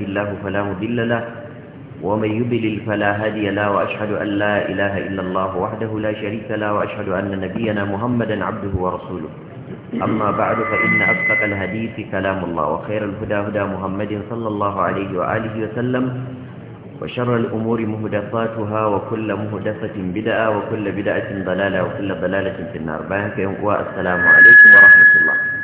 يهده الله فلا مضل له ومن يضلل فلا هادي له وأشهد أن لا إله إلا الله وحده لا شريك له وأشهد أن نبينا محمدا عبده ورسوله أما بعد فإن أصدق الحديث كلام الله وخير الهدى هدى محمد صلى الله عليه وآله وسلم وشر الأمور مهدفاتها وكل مهدفة بدعة وكل بدعة ضلالة وكل ضلالة في النار بانك والسلام عليكم ورحمة الله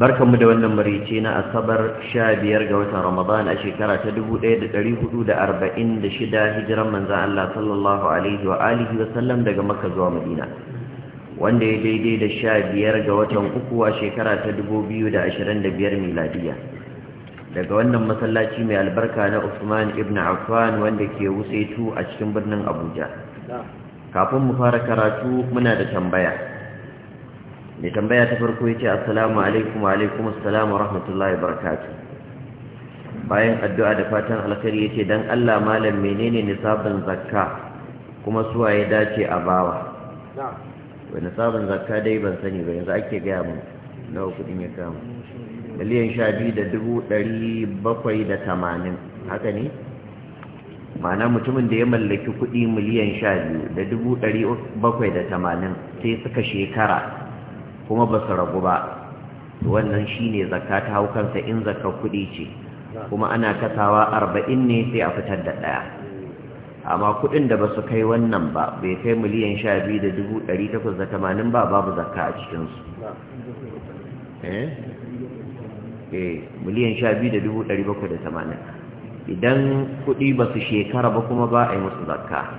mu da wannan marice na asabar sha biyar ga watan ramadan a shekara ta dubu ɗaya da hudu da arba'in da shida hijiran manzan Allah sallallahu alaihi wa alihi wa sallam daga makka zuwa madina wanda ya daidai da sha biyar ga watan uku a shekara ta dubu biyu da da biyar miladiya daga wannan masallaci mai albarka na usman ibn affan wanda ke tu a cikin birnin abuja kafin mu fara karatu muna da tambaya mai tambaya ta farko ya ce assalamu alaikum alaikum assalamu rahmatullahi barakatu bayan addu'a da fatan alkhairi ya ce don allah malam menene nisabin zakka kuma suwa ya dace a bawa wani nisabin zakka dai ban sani ba yanzu ake gaya mu nawa kudin ya kama miliyan sha biyu da dubu ɗari bakwai da tamanin haka ne Mana mutumin da ya mallaki kuɗi miliyan sha biyu da dubu ɗari bakwai da tamanin sai suka shekara kuma ba su ragu ba wannan shi ne zakka ta hau kansa in zakka kuɗi ce kuma ana kasawa arba'in ne sai a fitar da ɗaya amma kuɗin da ba su kai wannan ba bai kai miliyan sha biyu da dubu ɗari takwas da tamanin ba babu zakka a cikinsu eh? Eh, miliyan sha biyu da dubu ɗari bakwai da tamanin idan kuɗi ba su shekara ba kuma ba a yi musu zakka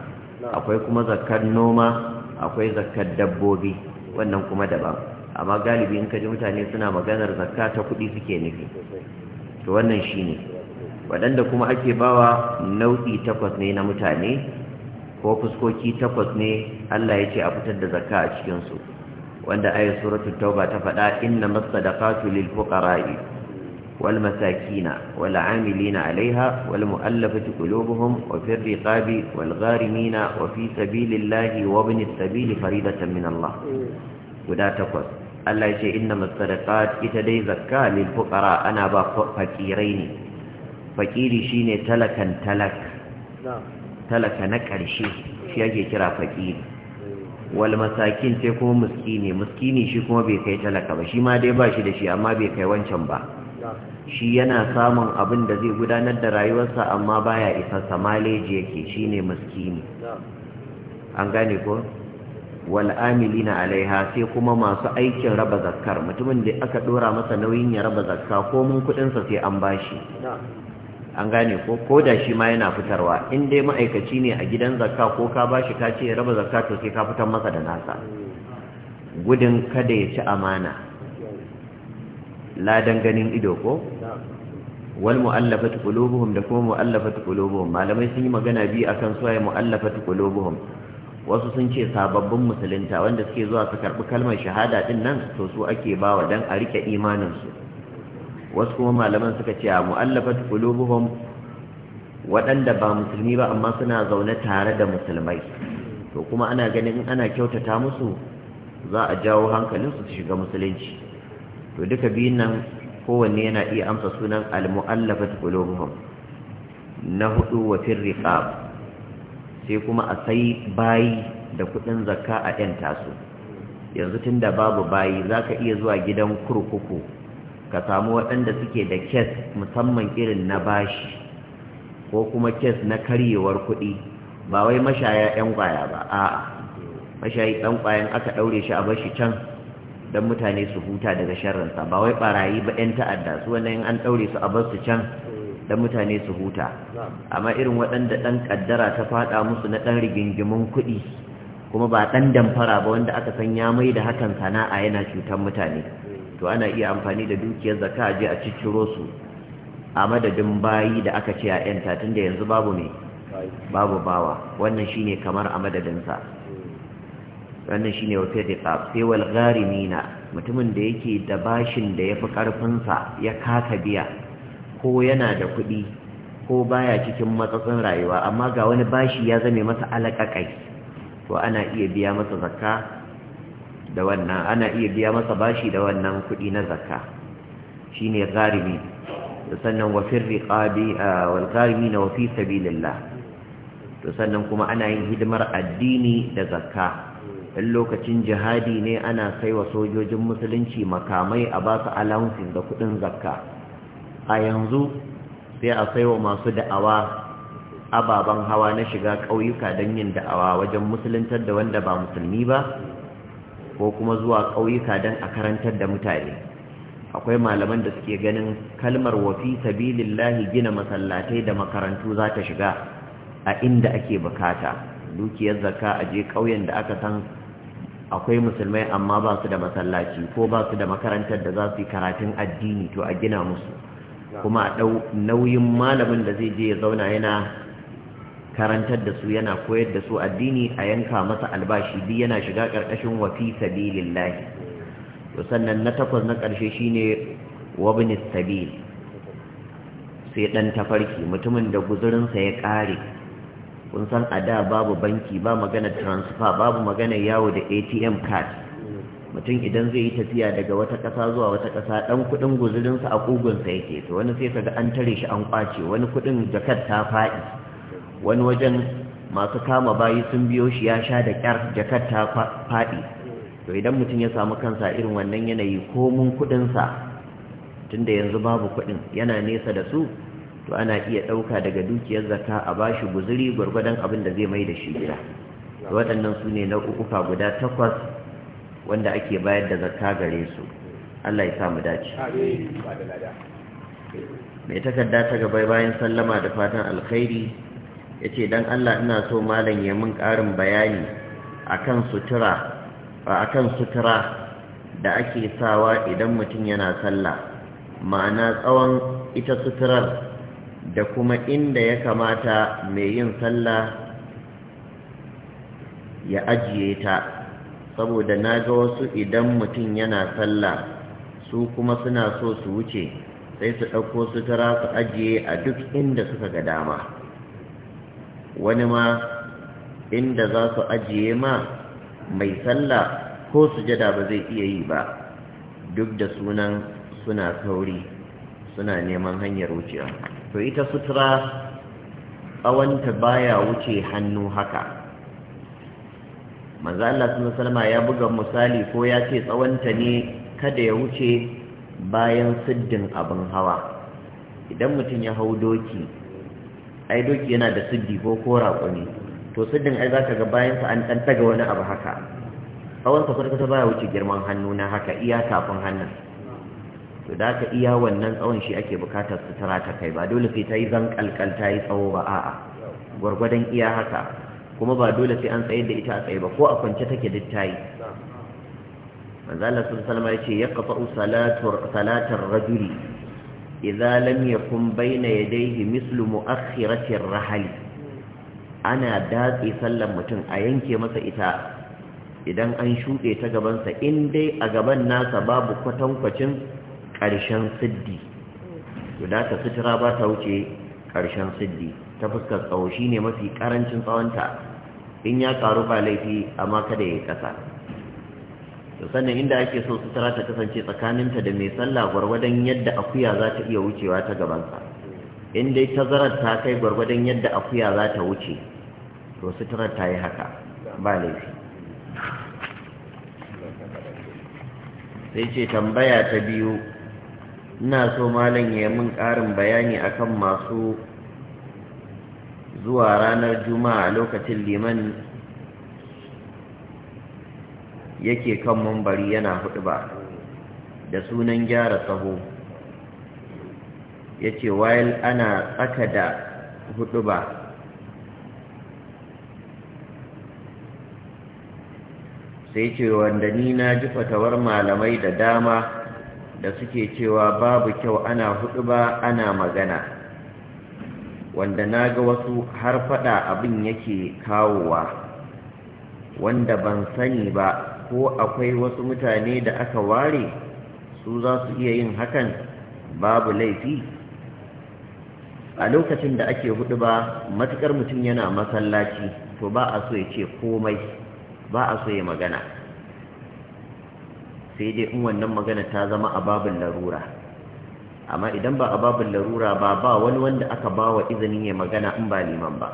akwai kuma zakkar noma akwai zakkar dabbobi wannan kuma daban amma galibi in ka ji mutane suna maganar zakka ta kuɗi suke nufi to wannan shine waɗanda kuma ake bawa nau'i takwas ne na mutane ko fuskoki takwas ne Allah ya ce a fitar da zakka a cikinsu wanda ayat suratul tauba ta faɗa inna masadaqatu lil fuqara'i wal masakina wal amilina alaiha wal mu'allafati qulubuhum wa fir riqabi wal gharimina wa fi sabilillahi wa ibnis sabili faridatan min Allah guda takwas Allah ya ce inna masadaqat ita dai zakka lil fuqara ana ba fakirai ne fakiri shine talakan talak talaka na karshe shi yake kira fakiri wal masakin sai kuma miskini miskini shi kuma bai kai talaka ba shi ma dai ba shi da shi amma bai kai wancan ba shi yana samun abin da zai gudanar da rayuwarsa amma baya isa samaleji yake shine miskini an gane ko wal'amilina alaiha sai kuma masu aikin raba zakkar mutumin da aka dora masa nauyin ya raba zakka ko mun kudinsa sai an bashi an gane ko ko da shi ma yana fitarwa in dai ma'aikaci ne a gidan zakka ko ka bashi ka ce ya raba zakka to sai ka fitar masa da nasa gudun kada ya ci amana ladan ganin ido ko wal mu'allafatu qulubuhum da kuma mu'allafatu qulubuhum malamai sun yi magana bi akan suwaye mu'allafatu qulubuhum wasu sun ce sababbin musulunta wanda suke zuwa su karɓi kalmar shahada ɗin nan to su ake bawa dan a rike imaninsu wasu kuma malaman suka ce a mu'allafat qulubuhum waɗanda ba musulmi ba amma suna zaune tare da musulmai to kuma ana ganin in ana kyautata musu za a jawo hankalinsu su shiga musulunci to duka biyun nan kowanne yana iya amsa sunan al-mu'allafat qulubuhum na hudu wa firriqab sai kuma a sai bayi da kudin zakka a ɗan tasu yanzu tun da babu bayi za ka iya zuwa gidan kurkuku ka samu waɗanda suke da kes musamman irin na bashi ko kuma kes na karyewar kuɗi ba wai mashaya 'yan kwaya ba a'a mashayi ɗan kwayan aka ɗaure shi a bashi can don mutane su huta daga sharrinsa ba wai ɓarayi ba 'yan ta'adda su wannan an ɗaure su a basu can dan mutane su huta amma irin waɗanda ɗan ƙaddara ta faɗa musu na ɗan rigingimin kuɗi kuma ba ɗan damfara ba wanda aka san ya mai da hakan sana'a yana cutar mutane to ana iya amfani da dukiyar zaka je a cicciro su a madadin bayi da aka ce a yanta tunda yanzu babu ne babu bawa wannan shine kamar a madadinsa wannan shine fi da sai wal gharimina mutumin da yake da bashin da yafi karfin sa ya kaka biya ko yana da kuɗi ko baya cikin matsatsin rayuwa amma ga wani bashi ya zame masa alaƙaƙai to ana iya biya masa zakka da wannan ana iya biya masa bashi da wannan kuɗi na zakka shine gharimi sannan wa fi riqabi wal wa sabilillah to sannan kuma ana yin hidimar addini da zakka ɗan lokacin jihadi ne ana kai wa sojojin musulunci makamai a ba su alamfin da kudin zakka a yanzu sai a saiwa masu da'awa ababen hawa na shiga ƙauyuka don yin da'awa wajen musuluntar da wanda ba musulmi ba ko kuma zuwa ƙauyuka don a karantar da mutane akwai malaman da suke ganin kalmar wafi sabilillahi gina masallatai da makarantu za ta shiga a inda ake bukata dukiyar zakka a je ƙauyen da aka san akwai musulmai amma ba su da masallaci ko ba su da makarantar da za su yi karatun addini to a gina musu kuma a nauyin malamin da zai je ya zauna yana karantar da su yana koyar da su addini a yanka masa albashi duk yana shiga ƙarƙashin wafi lahi to sannan na takwas na ƙarshe ne wabinis sabil sai ɗan tafarki mutumin da guzurinsa ya ƙare kun san a da babu banki ba magana transfer babu magana yawo da ATM card mutum idan zai yi tafiya daga wata ƙasa zuwa wata ƙasa ɗan kuɗin guzurinsa a ƙugunsa yake to wani sai kaga an tare shi an ƙwace wani kuɗin jakar ta faɗi wani wajen masu kama bayi sun biyo shi ya sha da ƙyar jakar ta faɗi to idan mutum ya samu kansa irin wannan yanayi ko komun kuɗinsa tunda yanzu babu kuɗin yana nesa da su to ana iya ɗauka daga dukiyar zakka a ba shi guzuri gwargwadon abin da zai mai da shi gida waɗannan su ne nau'uka guda takwas wanda ake bayar da zakka gare su Allah ya samu dace mai takarda ta gaba bayan sallama da fatan alkhairi yace dan Allah ina so malam ya mun ƙarin bayani akan sutura akan sutura da ake sawa idan mutum yana sallah ma'ana tsawon ita suturar da kuma inda ya kamata mai yin sallah ya ajiye ta saboda na ga wasu idan mutum yana sallah su kuma suna so su wuce sai su ɗauko sutura su ajiye a duk inda suka ga dama wani ma inda za su ajiye ma mai sallah ko sujada ba zai iya yi ba duk da sunan suna sauri suna neman hanyar wucewa to ita sutura tsawonta baya wuce hannu haka manzo Allah sallallahu ya buga misali ko ya ce tsawonta ne kada ya wuce bayan siddin abin hawa idan mutum ya hau doki ai doki yana da siddi ko ko raƙumi to siddin ai zaka ga bayan sa an dan daga wani abu haka tsawon sa ta baya wuce girman hannu na haka iya kafin hannun to da ka iya wannan tsawon shi ake bukatar sutura ta kai ba dole sai ta yi zan kalkal ta yi tsawo ba a'a gwargwadon iya haka kuma ba dole sai an tsayar da ita a tsaye ba ko a kwance take duk tayi manzo Allah sallallahu alaihi wasallam ya qata'u salatur salatar rajuli idza lam yakun baina yadayhi mislu mu'akhiratir rahali ana datse sallan mutum a yanke masa ita idan an shuɗe ta gabansa in dai a gaban nasa babu kwatankwacin ƙarshen siddi to da ta sutura ba ta wuce ƙarshen siddi ta fuskar tsawo shine mafi ƙarancin tsawonta in ya karu ba laifi amma kada ya yi kasa to sannan inda ake so sutura ta kasance tsakaninta da mai sallah gwargwadon yadda akuya za ta iya wucewa ta gabansa in dai tazarar ta kai gwargwadon yadda akuya za ta wuce to tara ta yi haka ba laifi sai ce tambaya ta biyu ina so malam ya min ƙarin bayani akan masu zuwa ranar juma'a lokacin liman yake kan mambari yana hudu ba da sunan gyara tsaho ya ce wayil ana tsaka da hudu ba sai ce wanda ni na ji fatawar malamai da dama da suke cewa babu kyau ana hudu ba ana magana wanda na ga wasu har faɗa abin yake kawowa wanda ban sani ba ko akwai wasu mutane da aka ware su za su iya yin hakan babu laifi a lokacin da ake hudu ba matukar mutum yana masallaci to ba a so ya ce komai ba a so ya magana sai dai in wannan magana ta zama a babin larura amma idan ba a babin larura ba ba wani wanda aka ba wa izinin ya magana in ba liman ba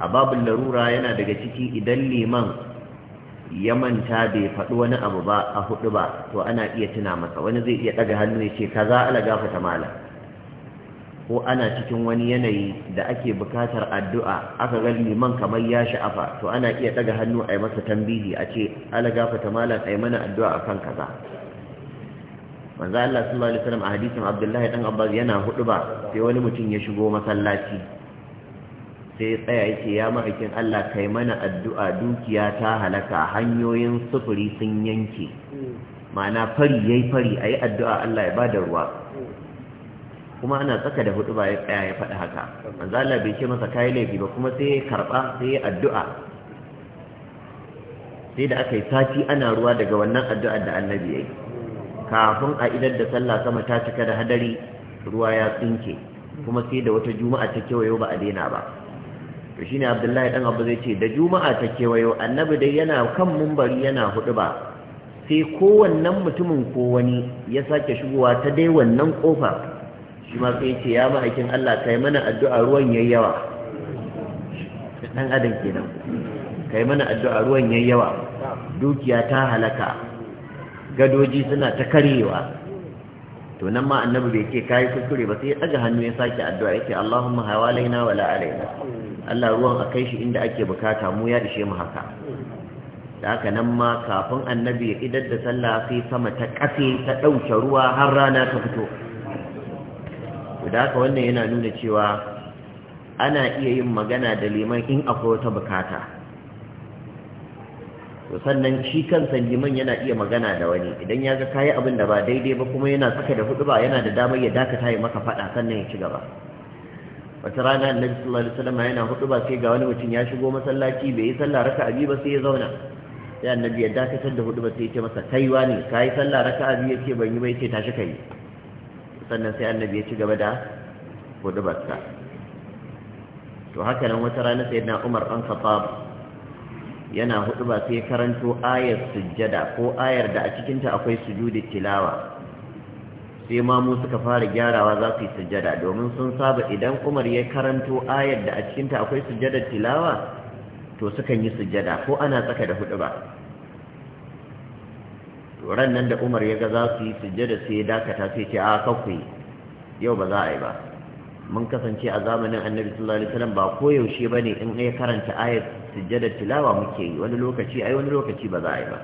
a babin larura yana daga ciki idan liman ya manta bai faɗi wani abu ba a hudu ba to ana iya tuna masa wani zai iya ɗaga hannu ya ce kaza ala gafata mala ko ana cikin wani yanayi da ake bukatar addu'a aka ga liman kamar ya sha'afa to ana iya ɗaga hannu a yi masa tambihi a ce ala gafata mala a yi mana addu'a a kan kaza manzo Allah sallallahu alaihi wasallam a hadisin Abdullahi dan Abbas yana hudu ba sai wani mutum ya shigo masallaci sai ya tsaya yake ya ma'aikin Allah kai mana addu'a dukiya ta halaka hanyoyin sufuri sun yanke ma'ana fari yayi fari ayi addu'a Allah ya bada ruwa kuma ana tsaka da hudu ba ya tsaya ya faɗi haka manzo Allah bai ce masa kai laifi ba kuma sai ya karba sai ya addu'a sai da aka yi sati ana ruwa daga wannan addu'ar da annabi ya yi kafin a idar da sallah sama ta cika da hadari ruwa ya tsinke kuma sai da wata juma'a ta kewayo ba a daina ba to shine abdullahi dan abu zai ce da juma'a ta kewayo annabi dai yana kan mumbari yana hudu ba sai wannan mutumin ko wani ya sake shigowa ta dai wannan kofa shi ma sai ce ya ma'aikin Allah kai mana addu'a ruwan yayyawa dan adam kenan kai mana addu'a ruwan yayyawa dukiya ta halaka gadoji suna ta karewa to nan ma annabi bai ce kai kuskure ba sai ya daga hannu ya sake addu'a yake Allahumma hawalaina wala alaina Allah ruwan akai shi inda ake bukata mu ya ishe mu haka da haka nan ma kafin annabi ya idar da sallah sai sama ta kafe ta dauke ruwa har rana ta fito to da haka wannan yana nuna cewa ana iya yin magana da liman in akwai wata bukata to sannan shi kansa liman yana iya magana da wani idan ya ga kayi abin da ba daidai ba kuma yana saka da hudu ba yana da damar ya dakata ya maka fada sannan ya ci gaba wata rana annabi sallallahu alaihi wasallam yana hudu ba sai ga wani mutum ya shigo masallaci bai yi sallah raka'a biyu ba sai ya zauna sai annabi ya dakatar da hudu ba sai ya ce masa kai wani kayi sallah raka'a biyu yake ban yi ba yake tashi kai sannan sai annabi ya ci gaba da hudu ba to haka nan wata rana sayyidina Umar an Khattab yana hudu ba sai karanto ayar sujjada ko ayar da a cikinta akwai sujudi tilawa sai mamu suka fara gyarawa za su yi sujjada domin sun saba idan umar ya karanto ayar da a cikinta akwai sujjada tilawa to sukan yi sujjada ko ana tsaka da hudu ba ran nan da umar ya ga za su yi sujjada sai ya dakata sai ce a kakwai yau ba za a yi ba mun kasance a zamanin annabi sallallahu alaihi wasallam ba koyaushe bane in ya karanta ayat sujjada tilawa muke yi wani lokaci ai wani lokaci ba za a yi ba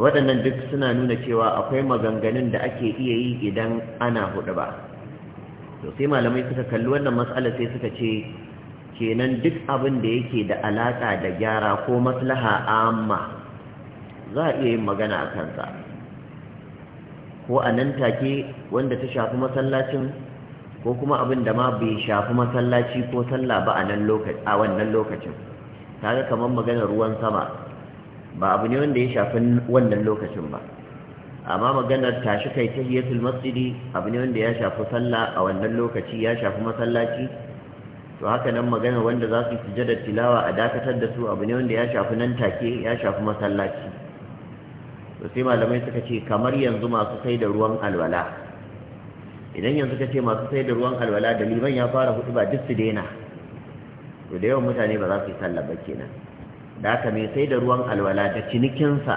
waɗannan duk suna nuna cewa akwai maganganun da ake iya yi idan ana hudu ba to sai malamai suka kalli wannan mas'ala sai suka ce kenan duk abin da yake da alaƙa da gyara ko maslaha amma za a iya yin magana a kansa ko a nan take wanda ta shafi masallacin ko kuma abin da ma bai shafi masallaci ko sallah ba a nan wannan lokacin kaga kamar maganar ruwan sama ba abu ne wanda ya shafi wannan lokacin ba amma maganar tashi kai tahiyatul masjidi abu ne wanda ya shafi sallah a wannan lokaci ya shafi masallaci to haka nan maganar wanda za su da tilawa a dakatar da su abu ne wanda ya shafi nan take ya shafi masallaci to sai malamai suka ce kamar yanzu masu sai da ruwan alwala idan yanzu ka ce masu sai da ruwan alwala da liman ya fara hudu ba duk su daina to da yawan mutane ba za su yi sallah ba kenan da haka mai sai da ruwan alwala da cinikinsa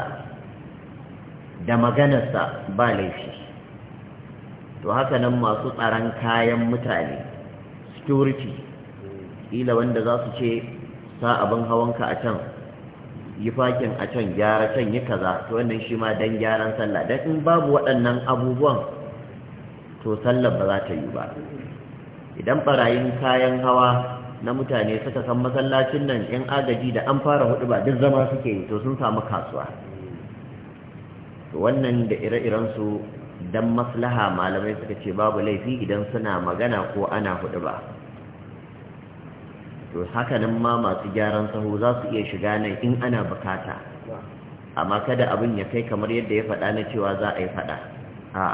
da maganarsa ba laifi to haka nan masu tsaron kayan mutane security ila wanda za su ce sa abin hawanka a can yi fakin a can gyara can yi kaza to wannan shi ma dan gyaran sallah dan in babu waɗannan abubuwan to sallar ba za ta yi ba idan barayin kayan hawa na mutane suka san masallacin nan yan agaji da an fara hudu ba duk zama suke yi to sun samu kasuwa to wannan da ire-iren su dan maslaha malamai suka ce babu laifi idan suna magana ko ana hudu ba to hakanan ma masu gyaran saho za su iya shiga nan in ana bukata amma kada abin ya kai kamar yadda ya faɗa na cewa za a yi faɗa a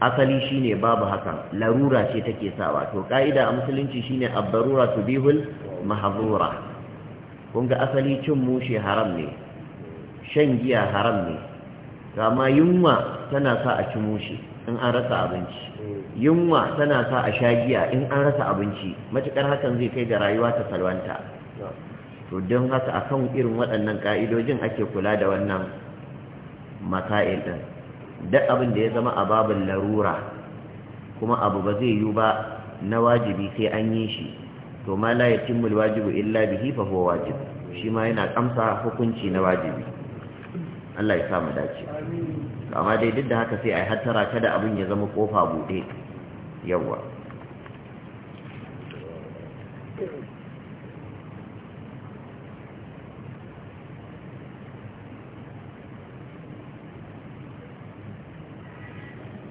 asali shine babu hakan larura ce take sawa to ka'ida a musulunci shine abdarura tubihul mahdura kun ga asali cin mushe haram ne shan giya haram ne kama yunwa tana sa a ci mushe in an rasa abinci yunwa tana sa a sha giya in an rasa abinci matukar hakan zai kai da rayuwa ta salwanta to don haka akan irin waɗannan ka'idojin ake kula da wannan masail din duk abin da ya zama a babin larura kuma abu ba zai yi ba na wajibi sai an yi shi to ma la yatimmu alwajibu illa bihi fa huwa wajib shi ma yana kamsa hukunci na wajibi Allah ya sa mu dace amma dai duk da haka sai ai hattara kada abin ya zama kofa bude yawa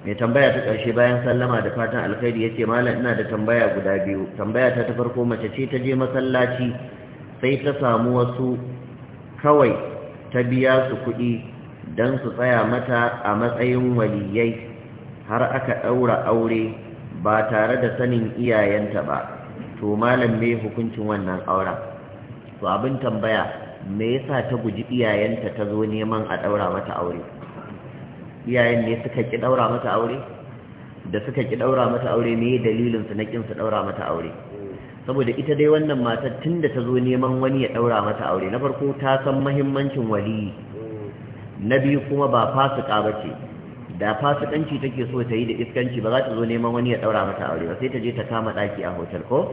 mai tambaya ta ƙarshe bayan sallama da fatan alkhairi yace malam ina da tambaya guda biyu tambaya ta ta farko mace ce ta je masallaci sai ta samu wasu kawai ta biya su kuɗi don su tsaya mata a matsayin waliyai har aka ɗaura aure ba tare da sanin iyayenta ba to malam me hukuncin wannan auren to abin tambaya me yasa ta guji iyayenta ta zo neman a ɗaura mata aure iyayen ne suka ki daura mata aure da suka ki daura mata aure ne dalilin su na kin su daura mata aure saboda ita dai wannan matar tunda ta zo neman wani ya daura mata aure na farko ta san muhimmancin wali na biyu kuma ba fasika bace da fasikanci take so ta yi da iskanci ba za ta zo neman wani ya daura mata aure ba sai ta je ta kama daki a hotel ko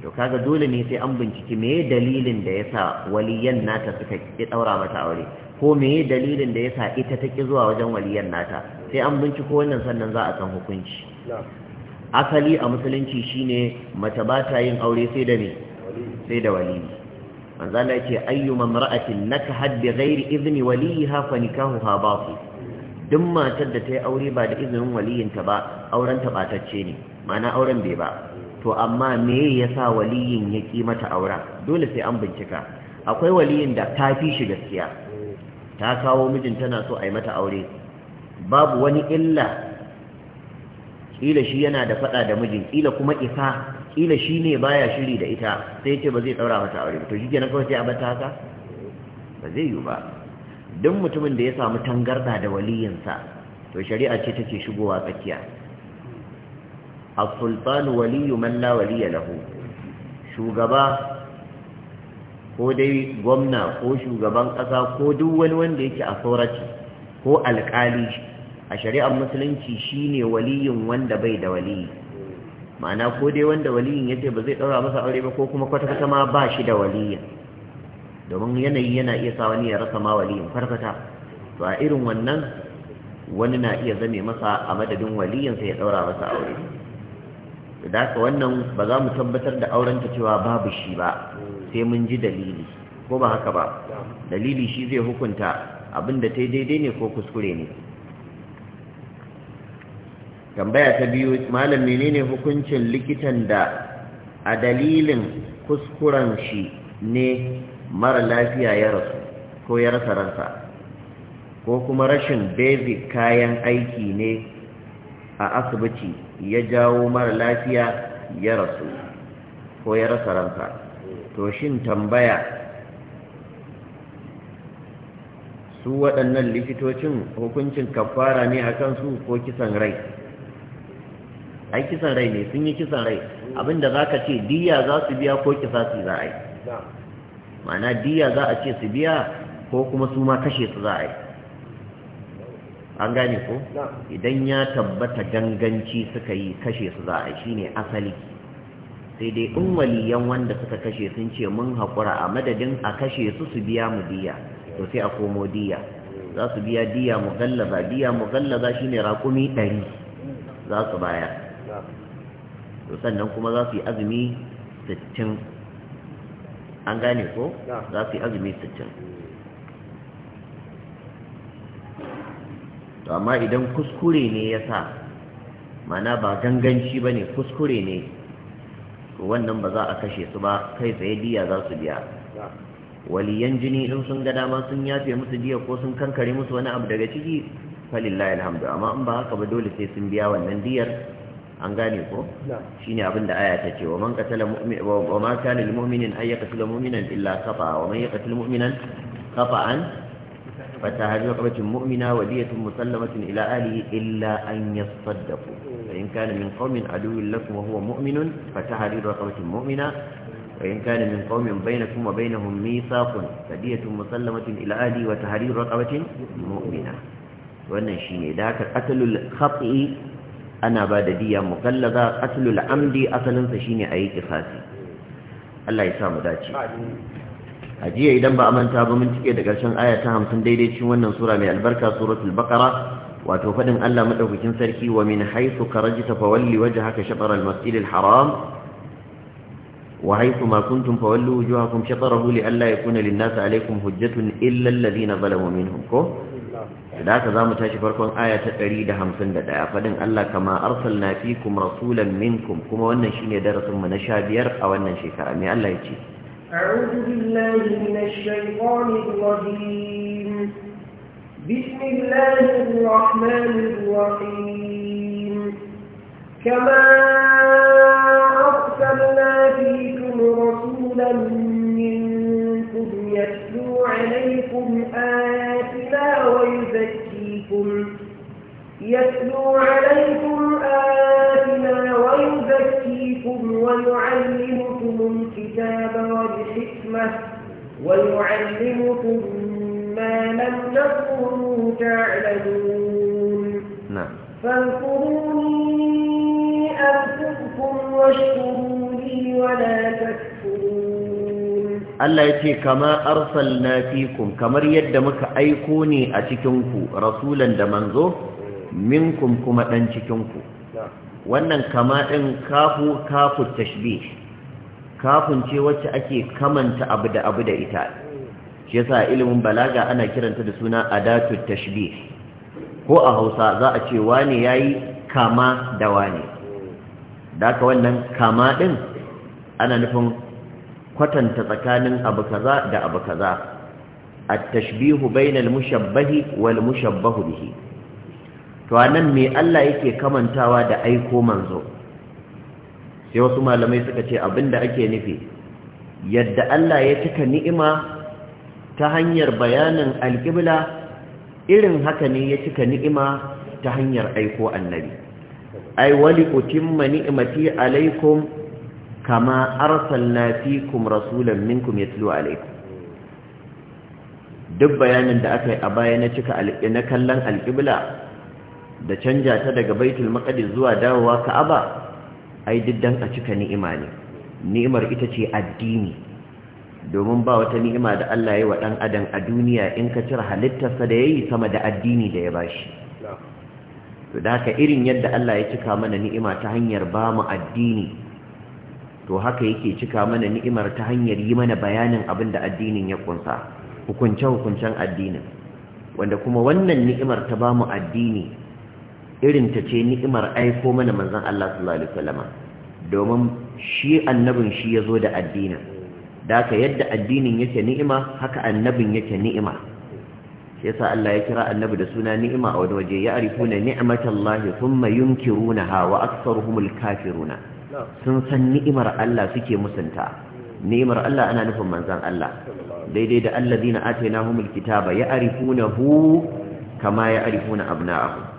to kaga dole ne sai an binciki me dalilin da yasa waliyan nata suka ki daura mata aure ko meye dalilin da ya sa ita ta ki zuwa wajen waliyan nata sai an binciko wannan sannan za a san hukunci asali a musulunci shine mace ba ta yin aure sai da me sai da wali manzo Allah yake ayyuma mar'atin nakahat bi ghairi idni waliha fa nikahuha batil duk matar da ta yi aure ba da izinin waliyinta ba auren ta batacce ne ma'ana auren bai ba to amma me ya sa waliyin ya ki mata aura dole sai an bincika akwai waliyin da ta fi shi gaskiya ta kawo mijin tana so a yi mata aure babu wani illa kila shi yana da faɗa da mijin kila kuma isa ƙila shi ne baya shiri da ita sai ce ba zai daura mata aure ba to shi kenan kawai sai a bata haka ba zai yi ba duk mutumin da ya samu tangarda da waliyinsa to shari'a ce take shigowa tsakiya as-sultanu waliyyu man la waliya lahu shugaba ko dai gwamna ko shugaban ƙasa ko duk wani wanda yake a sauraci ko alƙali a shari'ar musulunci shine waliyin wanda bai da waliyi ma'ana ko dai wanda waliyin yace ba zai daura masa aure ba ko kuma kwata ma ba shi da waliyin domin yanayi yana iya sa wani ya rasa ma waliyin kwata-kwata to a irin wannan wani na iya zame masa a madadin waliyin sai ya daura masa aure da haka wannan ba za mu tabbatar da aurenta cewa babu shi ba sai mun ji dalili ko ba haka ba dalili shi zai hukunta abinda ta daidai ne ko kuskure ne tambaya ta biyu malam menene hukuncin likitan da a dalilin kuskuren shi ne mara lafiya ya rasu ko ya rasa ransa ko kuma rashin basic kayan aiki ne a asibiti ya jawo mara lafiya ya rasu ko ya rasa ransa to shin tambaya su waɗannan likitocin hukuncin kafara ne a su ko kisan rai ai kisan rai ne sun yi kisan rai abinda za ka ce diya za su biya ko kisa su za a yi ma'ana diya za a ce su biya ko kuma su ma kashe su za a yi an gane ko idan ya tabbata ganganci suka yi kashe su za a yi shine asali sai dai in waliyan wanda suka kashe sun ce mun haƙura a madadin a kashe su su biya mu diya to sai a komo diya za su biya diya mughallaza diya shi ne raƙumi ɗari za su bayar to sannan kuma za su yi azumi sittin an gane ko za su yi azumi sittin to amma idan kuskure ne ya sa mana ba ganganci ba ne kuskure ne wannan ba za a kashe su ba kai tsaye diya za su biya waliyan jini in sun ga dama sun yafe musu diya ko sun kankare musu wani abu daga ciki falillahi alhamdu amma in ba haka ba dole sai sun biya wannan diyar an gane ko shine abin da aya ta ce wa man qatala mu'min wa ma kana lil mu'minin ay yaqtula mu'minan illa khata wa man yaqtul mu'minan فتهجر رقبة مؤمنة ودية مسلمة إلى أهله إلا أن يصدقوا فإن كان من قوم عدو لكم وهو مؤمن فتهجر رقبة مؤمنة وإن كان من قوم بينكم وبينهم ميثاق فدية مسلمة إلى أهله وتهرير رقبة مؤمنة wannan shine da haka qatlul khati ana ba da diya mukallaza qatlul amdi asalin sa shine ayi kisasi Allah ya samu dace a jiya idan ba manta ba mun cike da ƙarshen aya ta hamsin daidai cikin wannan sura mai albarka suratul baqara wato faɗin Allah madaukakin sarki wa min haythu kharajta fawalli wajhaka shatr al-masjid al-haram wa haythu ma kuntum fawallu wujuhakum shatrahu li alla yakuna lin-nasi alaykum hujjatun illa alladhina zalamu minhum ko da haka zamu tashi farkon aya ta 151 faɗin Allah kama arsalna fikum rasulan minkum kuma wannan shine darasin mu na 15 a wannan shekara mai Allah ya ce أعوذ بالله من الشيطان الرجيم بسم الله الرحمن الرحيم كما أرسلنا فيكم رسولا منكم يتلو عليكم آياتنا ويزكيكم يتلو عليكم آياتنا يزكيكم ويعلمكم الكتاب والحكمة ويعلمكم ما لم تكونوا تعلمون نعم فاذكروني أذكركم واشكروا لي ولا تكفرون الله يتي كما أرسلنا فيكم كما يد مك أيكوني أتكنكو رسولا دمنزو منكم كما أنتكنكو wannan kama ɗin kafu kafu tashbih kafun ce wacce ake kamanta abu da abu da ita shi yasa ilimin balaga ana kiranta da suna adatu tashbih ko a hausa za a ce wane yayi kama da wane da wannan kama ɗin ana nufin kwatanta tsakanin abu kaza da abu kaza at-tashbihu bainal mushabbahi wal mushabbahu bihi to anan me Allah yake kamantawa da aiko manzo sai wasu malamai suka ce abinda ake nufi yadda Allah ya cika ni'ima ta hanyar bayanin alƙibla irin haka ne ya cika ni'ima ta hanyar aiko annabi ai wali utimma ni'mati alaikum kama arsalna fikum rasulan minkum yatlu alaikum duk bayanin da aka yi a baya na cika kallon alƙibla da canja ta daga baitul maqdis zuwa dawowa ka'aba ai diddan a cika ni'ima ne ni'imar ita ce addini domin ba wata ni'ima da Allah ya wa dan adam a duniya in ka cire halittarsa da yayi sama da addini da ya bashi to da haka irin yadda Allah ya cika mana ni'ima ta hanyar ba mu addini to haka yake cika mana ni'imar ta hanyar yi mana bayanin abin da addinin ya kunsa hukunce hukuncen addinin wanda kuma wannan ni'imar ta ba mu addini irin ta ce ni'imar aiko mana manzon Allah sallallahu alaihi domin shi annabin shi zo da addinin da ka yadda addinin yake ni'ima haka annabin yake ni'ima shi yasa Allah ya kira annabi da suna ni'ima a wani waje ya arifuna ni'matallahi thumma yunkirunaha wa aktsaruhumul kafiruna sun san ni'imar Allah suke musunta ni'imar Allah ana nufin manzan Allah daidai da alladhina atainahumul kitaba ya'rifunahu kama na abna'ahum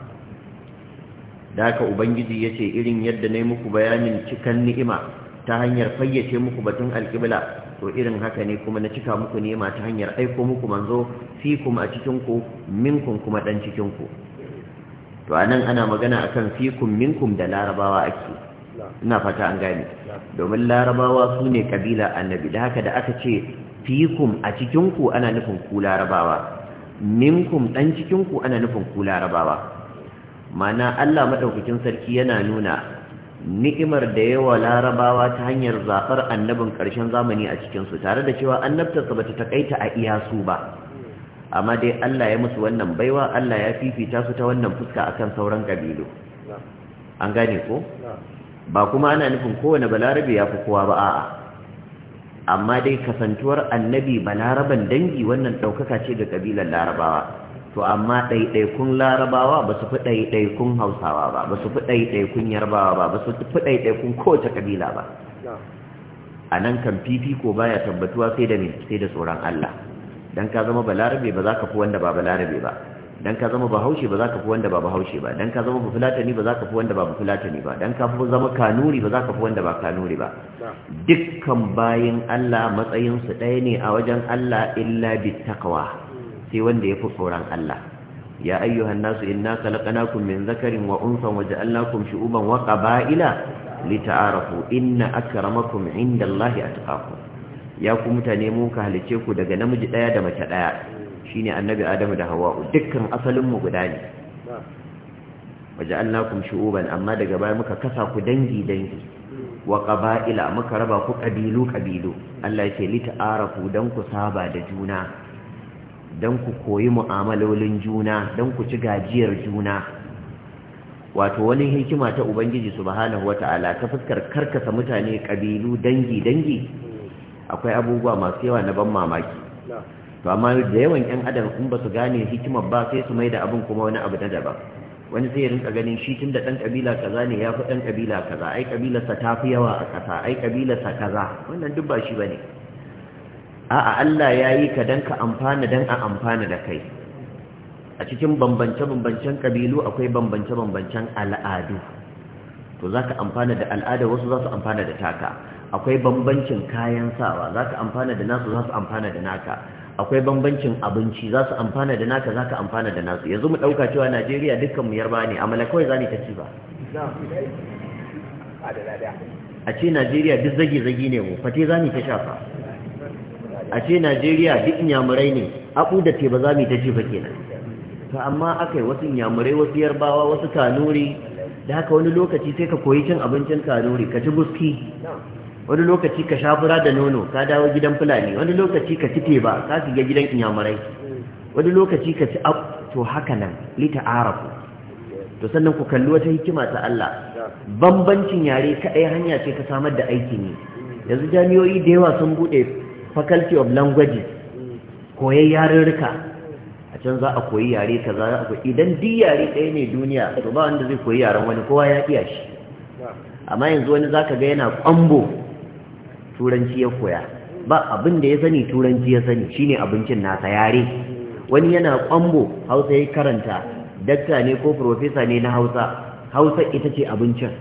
da haka ubangiji ya ce irin yadda na yi muku bayanin cikan ni'ima ta hanyar fayyace muku batun alƙibla to irin haka ne kuma na cika muku ni'ima ta hanyar aiko muku manzo fikum a cikinku minkum kuma ɗan cikinku to a nan ana magana akan fikum minkum da larabawa ake ina fata an gane domin larabawa su ne kabila annabi da haka da aka ce fikum a cikinku ana nufin ku larabawa minkum ɗan cikinku ana nufin ku larabawa mana Allah madaukakin sarki yana nuna ni'imar da yawa larabawa ta hanyar zafar annabin ƙarshen zamani a cikinsu tare da cewa annabtarsa ba ta taƙaita a iyasu ba amma dai Allah ya musu wannan baiwa Allah ya fifita su ta wannan fuska akan sauran ƙabilu an gane ko ba kuma ana nufin kowane balarabe ya fi kowa ba a'a amma dai kasantuwar annabi balaraban dangi wannan ɗaukaka ce ga ƙabilar larabawa to amma ɗaiɗaikun larabawa ba su fi ɗaiɗaikun hausawa ba ba su fi ɗaiɗaikun yarbawa ba ba su fi ɗaiɗaikun kowace ƙabila ba a nan kan fifiko baya tabbatuwa sai da sai da tsoron Allah don ka zama balarabe ba za ka fi wanda ba balarabe ba don ka zama bahaushe ba za ka fi wanda ba bahaushe ba don ka zama bafulatani ba za ka fi wanda ba bafulatani ba don ka zama kanuri ba za ka fi wanda ba kanuri ba dukkan bayin Allah matsayinsu ɗaya ne a wajen Allah illa bi takawa. sai wanda ya fi tsoron Allah ya ayyuhan nasu inna khalaqnakum min zakarin wa unsa wa ja'alnakum shu'uban wa qaba'ila lita'arafu inna akramakum 'inda atqakum ya ku mutane mu ka halice ku daga namiji daya da mace daya shine annabi Adamu da Hawwa dukkan asalin mu guda ne waja'alnakum shu'uban amma daga baya muka kasa ku dangi dangi wa qaba'ila muka raba ku kabilu kabilu Allah yake lita'arafu dan ku saba da juna don ku koyi mu'amalolin juna don ku ci gajiyar juna wato wani hikima ta ubangiji subhanahu wata'ala ta fuskar karkasa mutane kabilu dangi dangi akwai abubuwa masu yawa na ban mamaki to amma da yawan yan adam in ba su gane hikimar ba sai su mai da abin kuma wani abu na daba wani sai ya rinka ganin shi tun da ɗan ƙabila kaza ne ya fi ɗan ƙabila kaza ai ƙabilarsa ta fi yawa a ƙasa ai ƙabilarsa kaza wannan duk ba shi ba ne a'a Allah ya yi ka don ka amfana don a amfana da kai a cikin bambance-bambancen kabilu akwai bambance-bambancen al'adu to za ka amfana da al'ada wasu za su amfana da taka akwai bambancin kayan sawa za ka amfana da nasu za su amfana da naka akwai bambancin abinci za su amfana da naka za ka amfana da nasu yanzu mu ɗauka cewa najeriya dukkanmu yarba ne a kawai za ni ta ci ba a ce najeriya duk zage-zage ne mu fate za ni ta shafa a ce najeriya duk inyamurai ne abu da ke ba za mu ta jifa kenan to amma aka yi wasu inyamurai wasu yarbawa wasu kanuri da haka wani lokaci sai ka koyi cin abincin kanuri ka ci buski wani lokaci ka sha fura da nono ka dawo gidan fulani wani lokaci ka ci teba ka shiga gidan inyamurai wani lokaci ka ci abu to haka nan lita arab to sannan ku kalli wata hikima ta Allah bambancin yare kadai hanya ce ta samar da aiki ne yanzu jami'o'i da yawa sun bude. faculty of languages Koya yarurruka a can za a koyi yare ka za a koyi idan di yare ɗaya ne duniya to ba wanda zai koyi yaren wani kowa ya iya shi amma yanzu wani za ka ga yana kwambo turanci ya koya ba abin da ya sani turanci ya sani shine abincin nasa yare wani yana kwambo hausa ya karanta dakta ne ko profesa ne na hausa hausa ita ce abincin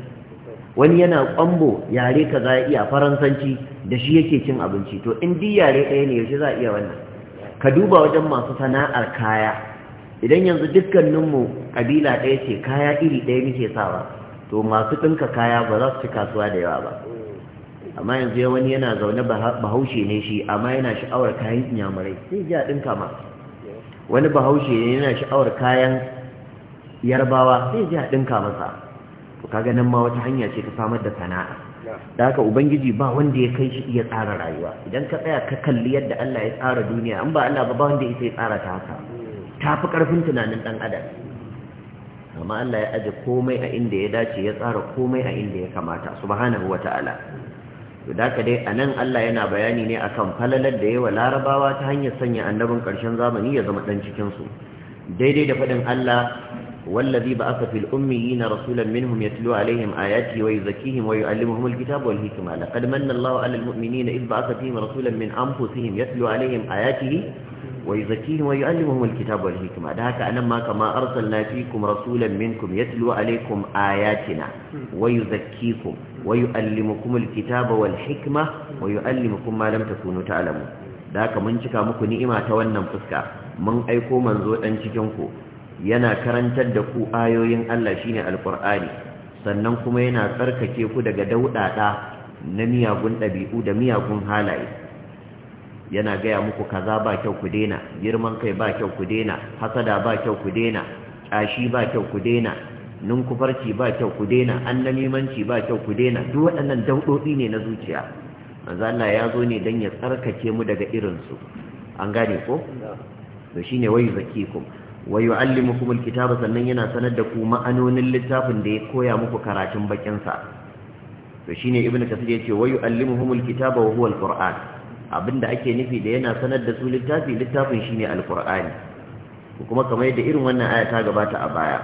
wani yana kwambo yare ka za iya faransanci da shi yake cin abinci to in di yare ɗaya ne yaushe za a iya wannan ka duba wajen masu sana'ar kaya idan yanzu dukkaninmu ƙabila ɗaya ce kaya iri ɗaya muke sawa to masu ɗinka kaya ba za su ci kasuwa da yawa ba amma yanzu wani yana zaune bahaushe ne shi amma yana sha'awar kayan inyamurai sai ji a ɗinka ma wani bahaushe ne yana sha'awar kayan yarbawa sai ji a ɗinka masa to kaga nan ma wata hanya ce ta samar da sana'a da haka ubangiji ba wanda ya kai shi iya tsara rayuwa idan ka tsaya ka kalli yadda Allah ya tsara duniya an ba Allah ba ba wanda ya tsara ta haka ta fi karfin tunanin dan adam amma Allah ya aje komai a inda ya dace ya tsara komai a inda ya kamata subhanahu wata'ala to da ka dai anan Allah yana bayani ne akan falalar da yawa larabawa ta hanyar sanya annabin karshen zamani ya zama dan cikin su daidai da faɗin Allah والذي بعث في الأميين رسولا منهم يتلو عليهم آياته ويزكيهم ويعلمهم الكتاب والحكمة لقد من الله على المؤمنين إذ بعث فيهم رسولا من أنفسهم يتلو عليهم آياته ويزكيهم ويعلمهم الكتاب والحكمة دهك أنما كما أرسلنا فيكم رسولا منكم يتلو عليكم آياتنا ويزكيكم ويعلمكم الكتاب والحكمة ويعلمكم ما لم تكونوا تعلمون دهك من شكا مكو نئمة ونم فسكا من أيكو منزو أنشكنكو yana karantar da ku ayoyin Allah shine alqur'ani sannan kuma yana tsarkake ku daga dauɗaɗa na miyagun ɗabi'u da miyagun halaye yana gaya muku kaza ba kyau ku daina girman kai ba kyau ku daina hasada ba kyau ku daina ƙashi ba kyau ku daina ninkufarci ba kyau ku daina annamimanci ba kyau ku daina duk waɗannan dauɗoɗi ne na zuciya manzo Allah ya zo ne dan ya tsarkake mu daga irin su an gane ko to shine wai zakikum wa yu'allimukum alkitaba sannan yana sanar da ku ma'anonin littafin da ya koya muku karatun bakin sa to shine ibnu kasir yace wa yu'allimuhum alkitaba wa huwa alquran abinda ake nufi da yana sanar da su littafi littafin shine alqur'ani kuma kamar yadda irin wannan aya ta gabata a baya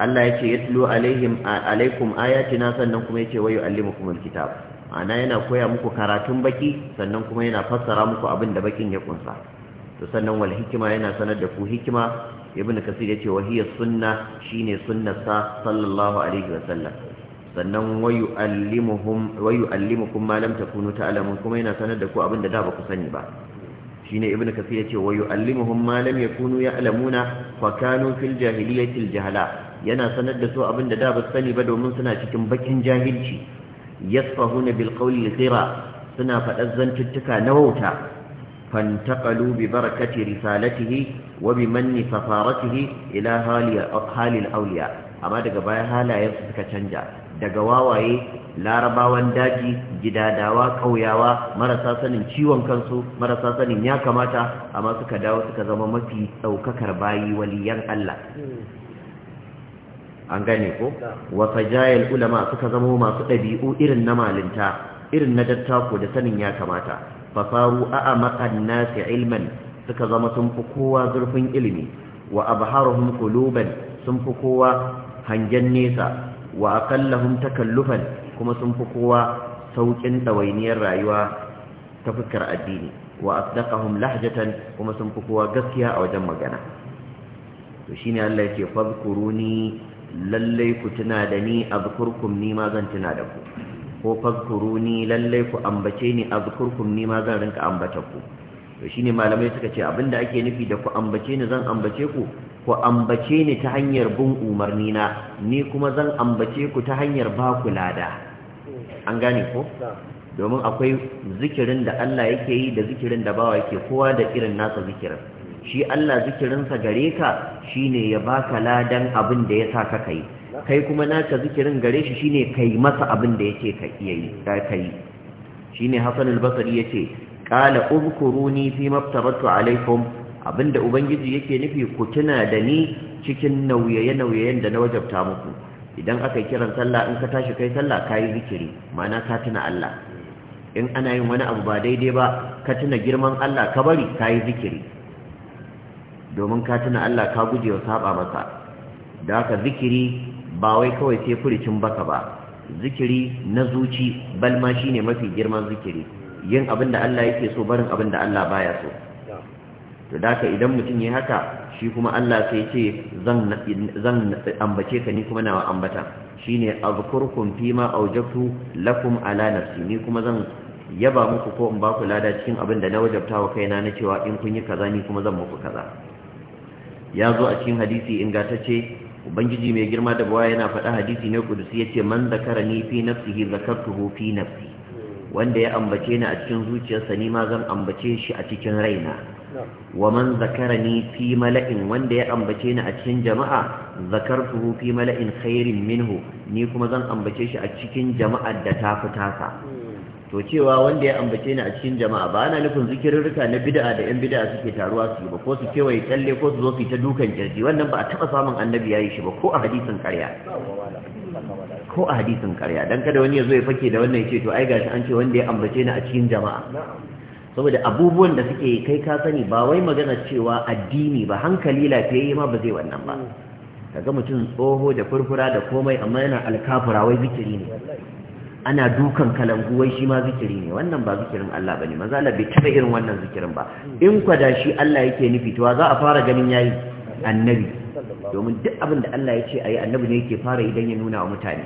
Allah yace yatlu alaihim alaikum ayatina sannan kuma yace wa yu'allimukum alkitaba ana yana koya muku karatun baki sannan kuma yana fassara muku abinda bakin ya kunsa to sannan wal hikima yana sanar da ku hikima ibn kasir yace wa hiya sunna shine sunnarsa sallallahu alaihi wasallam sannan wa yu'allimuhum wa yu'allimukum ma lam takunu ta'lamun kuma yana sanar da ku abinda da ba ku sani ba shine ibn kasir yace wa yu'allimuhum ma lam yakunu ya'lamuna fa kanu fil jahiliyyati jahala yana sanar da su abinda da ba sani ba domin suna cikin bakin jahilci yasfahuna bil qawli khira suna faɗar zantuttuka na wauta فانتقلوا ببركة رسالته وبمن ففارته إلى حال الأولياء أما دقا بايا حالا يفسك تنجا دقا واواي لا رباوان داجي جداداوا قوياوا مرسا سنن شيوان كنسو مرسا سنن ياكا ماتا أما سكا داو سكا زمام في أو ككرباي باي وليان الله an وفجايا ko سكا زمو ما suka zama إرن ɗabi'u irin na malinta irin na dattako da sanin ya kamata fasaru a'amaqan nasi ilmin suka zama sun fi kowa zurfin ilimi wa abharahum quluban sun fi kowa hangen nesa wa aqallahum takallufan kuma sun fi kowa saukin dawainiyar rayuwa ta fikar addini wa asdaqahum lahjatan kuma sun fi kowa gaskiya a wajen magana to shine Allah yake fadkuruni lallai ku tuna da ni azkurkum ni ma zan tuna da ku ko fadkuruni lallai ku ambace ni azkurkum ni ma zan rinka ambata ku to shine malamai suka ce abinda ake nufi da ku ambace ni zan ambace ku ku ambace ni ta hanyar bin umarni na ni kuma zan ambace ku ta hanyar ba ku lada an gane ko domin akwai zikirin da Allah yake yi da zikirin da bawa yake kowa da irin nasa zikirin shi Allah zikirinsa gare ka shine ya baka ladan abin da ya sa ka kai kai kuma naka zikirin gare shi shine kai masa abin da yake ka iya yi kai shine Hassan al-Basri yace qala ubkuruni fi alaikum abinda ubangiji yake nufi ku tuna da ni cikin nauyaye-nauyayen da na wajabta muku idan aka yi kiran sallah in ka tashi kai sallah kayi zikiri ma'ana ka tuna Allah in ana yin wani abu ba daidai ba ka tuna girman Allah ka bari kayi zikiri domin ka tuna Allah ka guje wa saba masa da haka zikiri ba wai kawai sai furicin baka ba zikiri na zuci balma shine mafi girman zikiri yin abin da Allah yake so barin abin da Allah baya so to da haka idan mutum ya haka shi kuma Allah sai ce zan ambace ka ni kuma na ambata shine azkurkum ma aujabtu lakum ala nafsi ni kuma zan yaba muku ko in ba ku lada cikin abin da na wajabta wa kaina na cewa in kun yi kaza ni kuma zan muku kaza ya zo a cikin hadisi ingantacce ubangiji mai girma da bawa yana faɗa hadisi ne kudusi yace man ni fi nafsihi zakartuhu fi nafsi wanda ya ambace ni a cikin zuciyarsa ni ma zan ambace shi a cikin raina wa man ni fi mala'in wanda ya ambace ni a cikin jama'a zakartuhu fi mala'in khairin minhu ni kuma zan ambace shi a cikin jama'ar da ta fi tasa to cewa wanda ya ambace ni a cikin jama'a ba ana nufin zikirrika na bid'a da yan bid'a suke taruwa su yi ba ko su kewaye tsalle ko su zo su ta dukan kirji wannan ba a taba samun annabi yayi shi ba ko a hadisin ƙarya ko a hadisin ƙarya dan kada wani ya zo ya fake da wannan ya ce to ai gashi an ce wanda ya ambace ni a cikin jama'a saboda abubuwan da suke kai ka sani ba wai magana cewa addini ba hankali lafiyayye ma ba zai wannan ba kaga mutum tsoho da furfura da komai amma yana alkafura wai zikiri ne ana dukan kalangu wai shi ma zikiri ne wannan ba zikirin Allah bane maza Allah bai taba irin wannan zikirin ba in kwada shi Allah yake nufi to za a fara ganin yayi annabi domin duk abin da Allah ya ce ayi annabi ne yake fara idan ya nuna wa mutane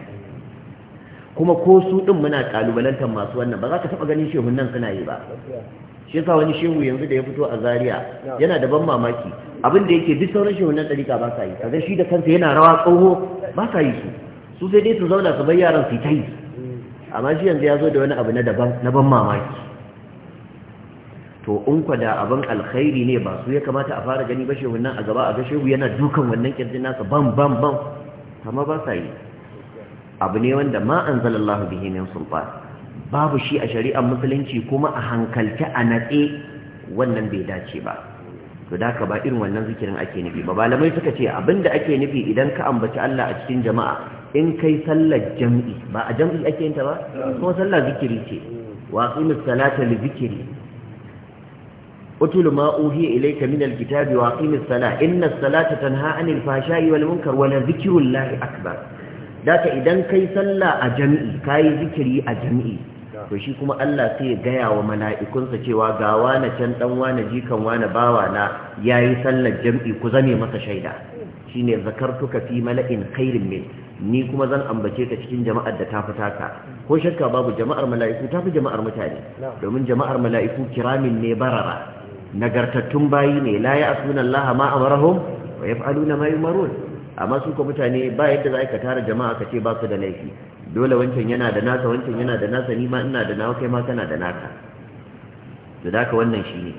kuma ko su din muna kalubalantar masu wannan ba za ka taba ganin shehun nan suna yi ba shi yasa wani shehu yanzu da ya fito a Zaria yana da ban mamaki abin da yake duk sauran shehun nan tsarika ba sa yi kaga shi da kansa yana rawa tsoho ba sa su su sai dai su zauna su bar yaran su ta yi amma shi yanzu ya zo da wani abu na daban na ban mamaki to in kwada abin alkhairi ne ba su ya kamata a fara gani ba shehu nan a gaba a ga shehu yana dukan wannan kirjin nasa ban ban ban amma ba sa yi abu ne wanda ma anzalallahu bihi min sultan babu shi a shari'ar musulunci kuma a hankalta a natse wannan bai dace ba to da ka ba irin wannan zikirin ake nufi ba malamai suka ce abinda ake nufi idan ka ambaci Allah a cikin jama'a in kai sallar jam'i ba a jam'i ake yin ta ba kuma sallar zikiri ce wa aqimus salata li zikiri utul ma uhi ilayka min alkitabi wa aqimus sala inna salata tanha anil fahsha'i wal munkar wa la akbar daka idan kai sallah a jam'i kai zikiri a jam'i to shi kuma Allah sai ya gaya wa mala'ikunsa cewa ga wani can dan wani jikan wani bawa na yayi sallar jam'i ku zame masa shaida shine zakartuka fi mala'in kairin min ni kuma zan ambace ka cikin jama'ar da ta fita ka ko shakka babu jama'ar mala'iku ta fi jama'ar mutane domin jama'ar mala'iku kiramin ne barara nagartattun bayi ne la ya'suna Allah ma amarahum wa yaf'aluna ma yumarun amma su ko mutane ba yadda za ka tara jama'a ka ce ba su da laifi dole wancan yana da nasa wancan yana da nasa ni ma ina da nawa kai ma kana da naka to da ka wannan shine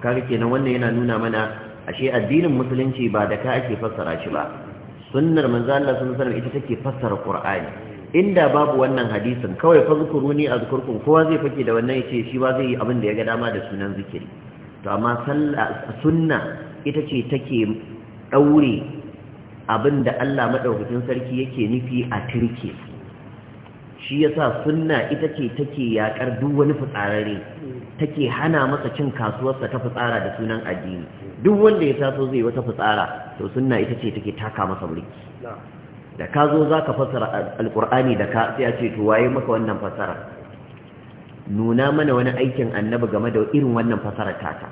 kaga kenan wannan yana nuna mana ashe addinin musulunci ba da ka ake fassara shi ba sunnar manzo Allah sallallahu alaihi ita take fassara Qur'ani inda babu wannan hadisin kawai zukuruni azkurkum kowa zai fake da wannan yace shi ba zai yi abin da ya ga dama da sunan zikiri to amma sunna ita ce take daure abin da Allah madaukakin sarki yake nufi a turke shi yasa sunna ita ce take yakar duk wani fitsarare take hana masa cin kasuwarsa ta fitsara da sunan addini duk wanda ya taso zai wata fitsara to sunna ita ce take taka masa mulki. da ka zo za ka fassara alkur'ani da ka sai a ce to waye maka wannan fassara nuna mana wani aikin annabi game da irin wannan fassara taka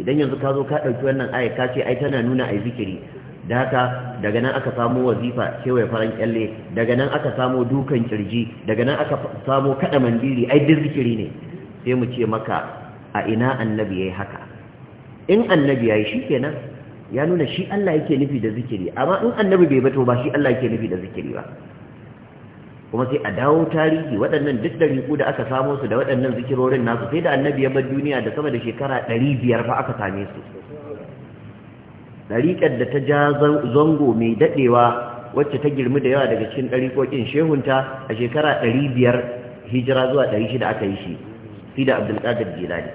idan yanzu ka zo ka ɗauki wannan aya ka ce ai tana nuna ai zikiri da haka daga nan aka samo wazifa kewaye faran kyalle daga nan aka samo dukan kirji daga nan aka samo kada mandiri ai duk zikiri ne sai mu ce maka a ina annabi yayi haka in annabi yayi shikenan ya nuna shi Allah yake nufi da zikiri amma in annabi bai bato ba shi Allah yake nufi da zikiri ba kuma sai a dawo tarihi waɗannan duk ɗariƙu da aka samo su da waɗannan zikirorin nasu sai da annabi ya bar duniya da sama da shekara ɗari biyar fa aka same su ɗariƙar da ta ja zango mai daɗewa wacce ta girmi da yawa daga cikin ɗariƙoƙin shehunta a shekara ɗari biyar hijira zuwa ɗari shida aka yi shi shi da abdulkadir jilani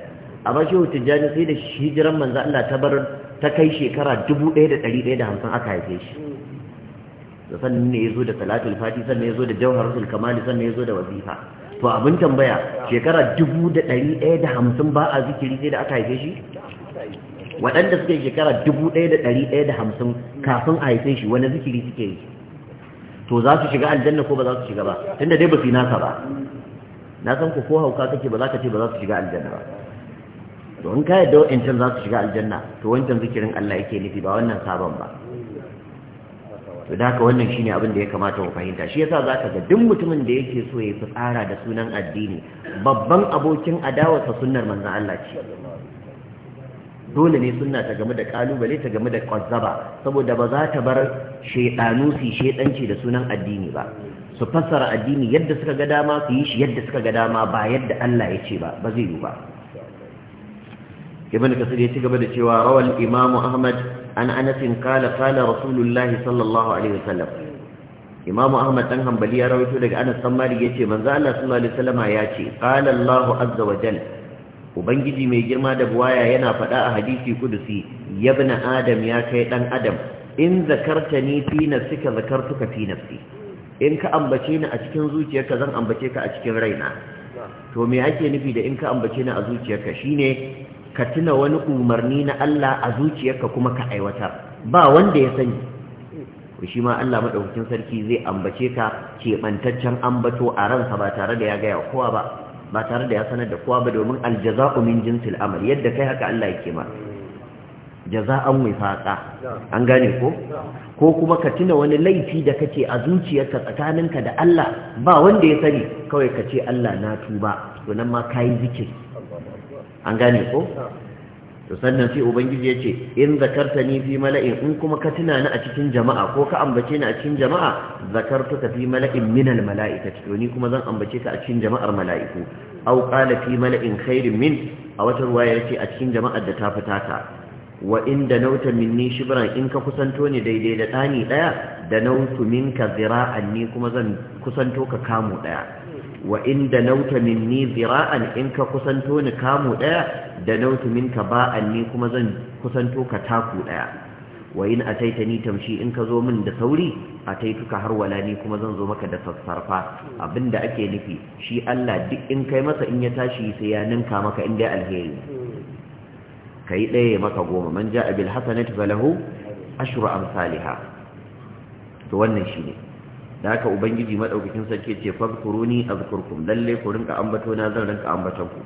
amma shehu tijjani sai da hijiran manzo Allah ta bar ta kai shekara 1150 aka haife shi da sannan ne yazo da talatul fati sannan yazo da jawharatul san sannan yazo da wazifa to abin tambaya shekara 1150 ba a zikiri sai da aka haife shi waɗanda suke shekara 1150 kafin a haife shi wani zikiri suke yi to za su shiga aljanna ko ba za su shiga ba tunda dai ba su yi nasa ba na san ku ko hauka kake ba za ka ce ba za su shiga aljanna ba to in ka yadda wa'ancan za su shiga aljanna to wancan zikirin Allah yake nufi ba wannan sabon ba to da haka wannan shine abin da ya kamata mu fahimta shi yasa zaka ga duk mutumin da yake so ya fi tsara da sunan addini babban abokin adawarsa sunnar manzon Allah ce dole ne sunna ta game da kalubale ta game da kwazzaba saboda ba za ta bar shedanu su da sunan addini ba su fassara addini yadda suka ga dama su yi shi yadda suka ga dama ba yadda Allah ya ce ba ba zai yi ba ibn kasir ya ci gaba da cewa rawal imamu ahmad an Anasin qala qala rasulullah sallallahu alaihi wasallam imamu ahmad dan hanbali ya rawaito daga anas dan malik yace manzo Allah sallallahu alaihi wasallam ya ce qala Allah azza wa jalla ubangiji mai girma da buwaya yana faɗa a hadisi kudusi yabna adam ya kai dan adam in zakartani fi nafsika zakartuka fi nafsi in ka ambace ni a cikin zuciyarka zan ambace ka a cikin raina to me ake nufi da in ka ambace ni a zuciyarka shine ka tuna wani umarni na Allah a zuciyarka kuma ka aiwatar ba wanda ya sani shi ma Allah madaukakin sarki zai ambace ka keɓantaccen ambato a ransa ba tare da ya gaya kowa ba ba tare da ya sanar da kowa ba domin aljaza'u min jinsil amal yadda kai haka Allah yake ma jaza'an faƙa an gane ko ko kuma ka tuna wani laifi da kake a zuciyarka tsakaninka da Allah ba wanda ya sani kawai ka ce Allah na tuba to nan ma kai zikir an gane ko to sannan sai ubangiji ya ce in zakartani fi mala'in in kuma ka tuna ni a cikin jama'a ko ka ambace ni a cikin jama'a zakartuka fi mala'in minal mala'ikati to ni kuma zan ambace ka a cikin jama'ar mala'iku aw qala fi mala'in khairin min a wata ruwaya yace a cikin jama'ar da ta fita ka wa inda nauta minni shibran in ka kusanto ni daidai da ɗani ɗaya da nautu ka zira'an ni kuma zan kusanto ka kamu ɗaya wa inda nauta minni zira'an in ka kusanto ni kamu ɗaya da nautu ka ba'an ni kuma zan kusanto ka taku ɗaya wa in ataita ni tamshi in ka zo min da sauri ataituka har wala ni kuma zan zo maka da sassarfa abinda ake nufi shi Allah duk in kai masa in ya tashi sai ya ninka maka in dai alheri kai ɗaya maka goma man ja'a bil hasanati falahu ashru amsalha to wannan shine da haka ubangiji madaukakin sarki ce fadkuruni azkurkum lalle ku rinka ambato na zan rinka ambaton ku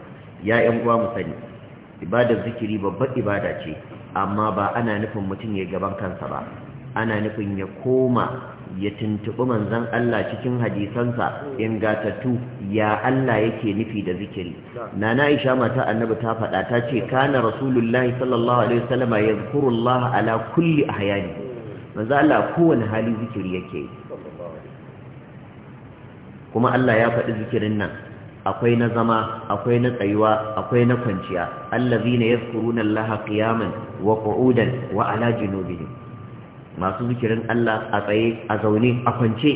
ya ƴan uwa mu sani ibadar zikiri babbar ibada ce amma ba ana nufin mutum ya gaban kansa ba ana nufin ya koma ya tuntuɓi manzan Allah cikin hadisansa ingatattu ya Allah yake nufi da zikiri nana Aisha mata annabi ta faɗa ta ce kana rasulullahi sallallahu alaihi wasallam yadhkuru Allah ala kulli ahyani manzo Allah kowane hali zikiri yake kuma Allah ya faɗi zikirin nan akwai na zama akwai na tsayuwa akwai na kwanciya allazina yazkuruna Allah qiyaman wa qu'udan wa ala junubihim masu zikirin Allah a tsaye a zaune a kwance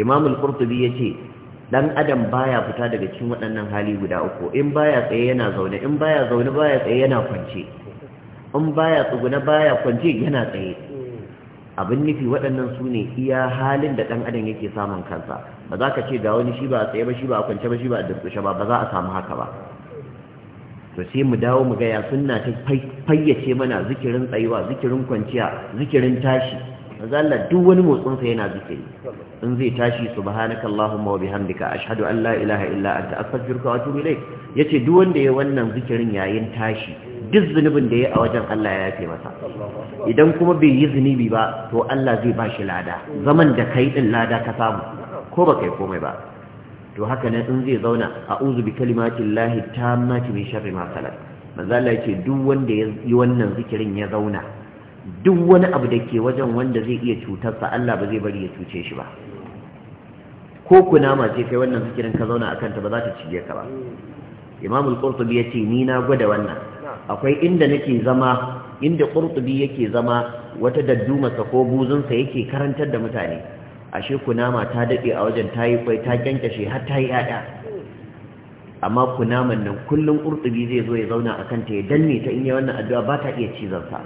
Imam al-Qurtubi yace dan adam baya fita daga cikin waɗannan hali guda uku in baya tsaye yana zaune in baya zaune baya tsaye yana kwance in baya tsuguna baya kwance yana tsaye abin nufi waɗannan su ne iya halin da ɗan adam yake samun kansa ba za ka ce ga wani shi ba a tsaye ba shi ba a kwance ba shi ba a durkushe ba ba za a samu haka ba to sai mu dawo mu gaya sunna ta fayyace mana zikirin tsayuwa zikirin kwanciya zikirin tashi Allah duk wani motsin sa yana zikiri in zai tashi subhanaka allahumma wa bihamdika ashhadu an la ilaha illa anta astaghfiruka wa atubu ilayk yace duk wanda ya wannan zikirin yayin tashi duk zunubin da ya a wajen Allah ya yafe masa idan kuma bai yi zunubi ba to Allah zai ba shi lada zaman da kai din lada ka samu ko ba kai komai ba to haka ne in zai zauna uzu bi kalimatin lahi tammati min sharri ma salat manzo yake duk wanda ya yi wannan zikirin ya zauna duk wani abu da ke wajen wanda zai iya cutar sa Allah ba zai bari ya cuce shi ba ko ma ce kai wannan zikirin ka zauna akan ta ba za ta cije ka ba Imam al-Qurtubi yace ni na gwada wannan akwai inda nake zama inda Qurtubi yake zama wata dadduma sa ko buzunsa sa yake karantar da mutane ashe kunama ta daɗe a wajen tayi yi kwai ta kyankyashe har ta yi yada amma kunaman nan kullum urtubi zai zo ya zauna a ta ya danne ta in yi wannan addu'a ba ta iya cizon ya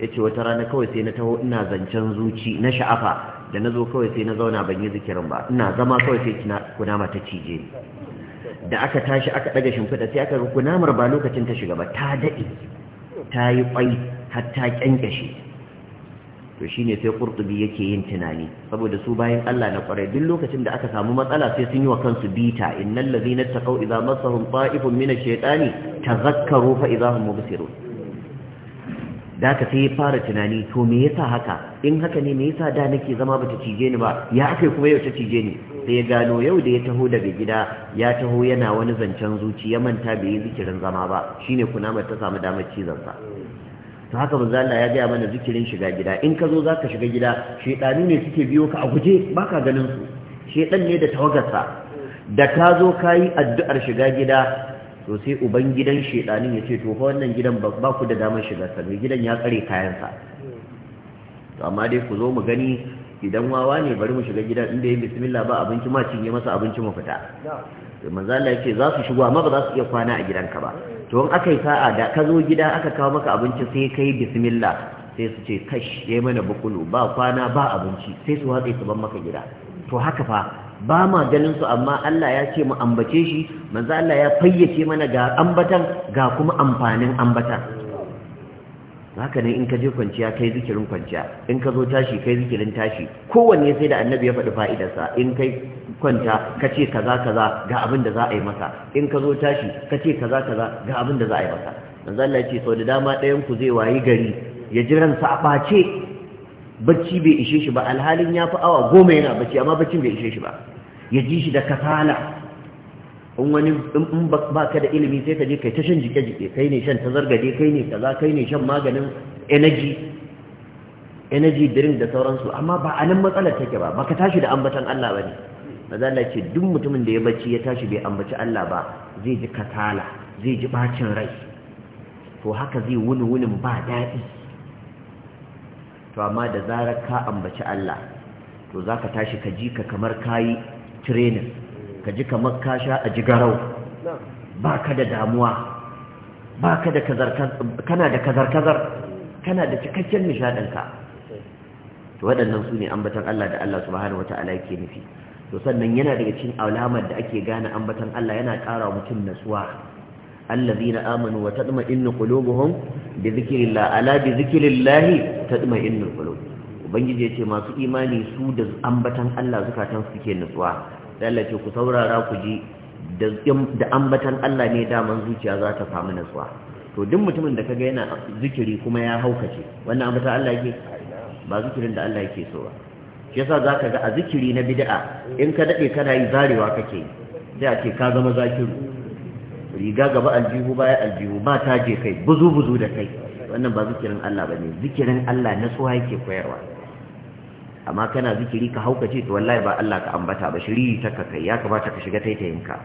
yace wata rana kawai sai na taho ina zancen zuci na sha'afa da nazo kawai sai na zauna ban yi zikirin ba ina zama kawai sai kunama ta cije da aka tashi aka ɗaga shimfiɗa sai aka ga kunamar ba lokacin ta shiga ba ta daɗe ta yi kwai har ta kyankyashe to shine sai qurtubi yake yin tunani saboda su bayan Allah na kwarai duk lokacin da aka samu matsala sai sun yi wa kansu bita innal ladhina taqaw idza masahum ta'ifun min ash-shaytani tadhakkaru fa idza hum mubsirun da ka sai fara tunani to me yasa haka in haka ne me yasa da nake zama bata cije ni ba ya aka kuma yau ta cije ni sai ya gano yau da ya taho daga gida ya taho yana wani zancen zuciya ya manta bai yi zikirin zama ba shine kunamar ta samu damar cizon sa to haka manzo Allah ya gaya mana zikirin shiga gida in ka zo zaka shiga gida shedanu ne suke biyo ka a guje baka ganin su shedan ne da tawagarsa da ka zo kayi addu'ar shiga gida to sai uban gidan shedanin ya ce to fa wannan gidan ba ku da damar shiga sa gidan ya tsare kayansa to amma dai ku zo mu gani idan wawa ne bari mu shiga gida inda yayi bismillah ba abinci ma cinye masa abinci mu fita to eh, manzo Allah yake za su shigo amma ba za su iya kwana a gidanka ba to in aka yi sa'a da ka zo gida aka kawo maka abinci sai kai bismillah sai su ce kash yayi mana bukulu ba kwana ba abinci sai su watsa su ban maka gida to haka fa ba ma ganin su amma Allah ya ce mu ambace shi manzo Allah ya fayyace mana ga ambatan ga kuma amfanin ambatan haka ne in ka je kwanciya kai zikirin kwanciya in ka zo tashi kai zikirin tashi kowanne sai da annabi ya faɗi fa'idarsa in kai kwanta ka ce kaza kaza ga abin da za a yi masa in ka zo tashi ka ce kaza kaza ga abin da za a yi masa manzo Allah ce sau da dama ɗayan ku zai wayi gari ya ji ransa a ɓace bacci bai ishe shi ba alhalin ya fi awa goma yana bacci amma baccin bai ishe shi ba ya ji shi da kasala in wani in ba ka da ilimi sai ka je kai ta shan jike-jike kai ne shan tazargade kai ne kaza kai ne shan maganin energy energy drink da sauransu amma ba a nan matsalar take ba baka tashi da ambatan Allah ne. mazala ce duk mutumin da ya bacci ya tashi bai ambaci Allah ba zai ji katala zai ji bacin rai to haka zai wuni wunin ba daɗi to amma da zarar ka ambaci Allah to za ka tashi ka ji ka kamar yi tirenin ka ji kamar ka sha a jigarau ba ka da damuwa ba ka da kana da kazar-kazar kana da cikakken nishaɗinka to waɗannan su ne ambatan Allah da Allah subhanahu wa ta'ala yake nufi to sannan yana daga cikin alamar da ake gane ambatan Allah yana ƙara mutum nasuwa allazina amanu wa tatma'innu qulubuhum bi dhikrillah ala bi dhikrillah tatma'innu qulub ubangiji yace masu imani su da ambatan Allah zukatan su ke nasuwa dan Allah ce ku saurara ku ji da ambatan Allah ne daman zuciya za ta samu nasuwa to duk mutumin da kaga yana zikiri kuma ya haukace wannan ambaton Allah yake ba zikirin da Allah yake so ba yasa za ka ga a zikiri na bida'a in ka daɗe kana yi zarewa kake sai a ce ka zama zakiru riga gaba aljihu baya aljihu ba ta je kai buzu buzu da kai wannan ba zikirin Allah ba ne zikirin Allah na tsuwa yake koyarwa amma kana zikiri ka ce to wallahi ba Allah ka ambata ba shiri ta ka kai ya kamata ka shiga ka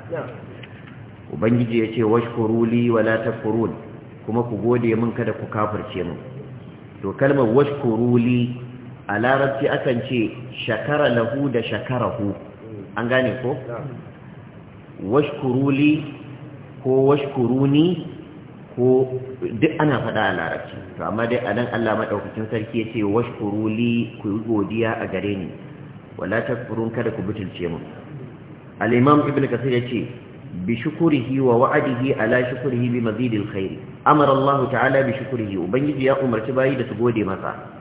ubangiji yace washkuru li wala takfurun kuma ku gode min kada ku kafirce min to kalmar washkuru li a larabci akan ce shakara lahu da hu an gane ko washkuruli ko washkuruni ko duk ana faɗa a larabci to amma dai anan Allah madaukakin sarki yace washkuruli ku godiya a gare ni wala takfurun kada ku butulce mu Alimam imam ibnu kasir yace bi shukrihi wa wa'adihi ala shukrihi bi mazidil khair amara Allah ta'ala bi shukrihi ubangiji ya umarci bayi da su gode masa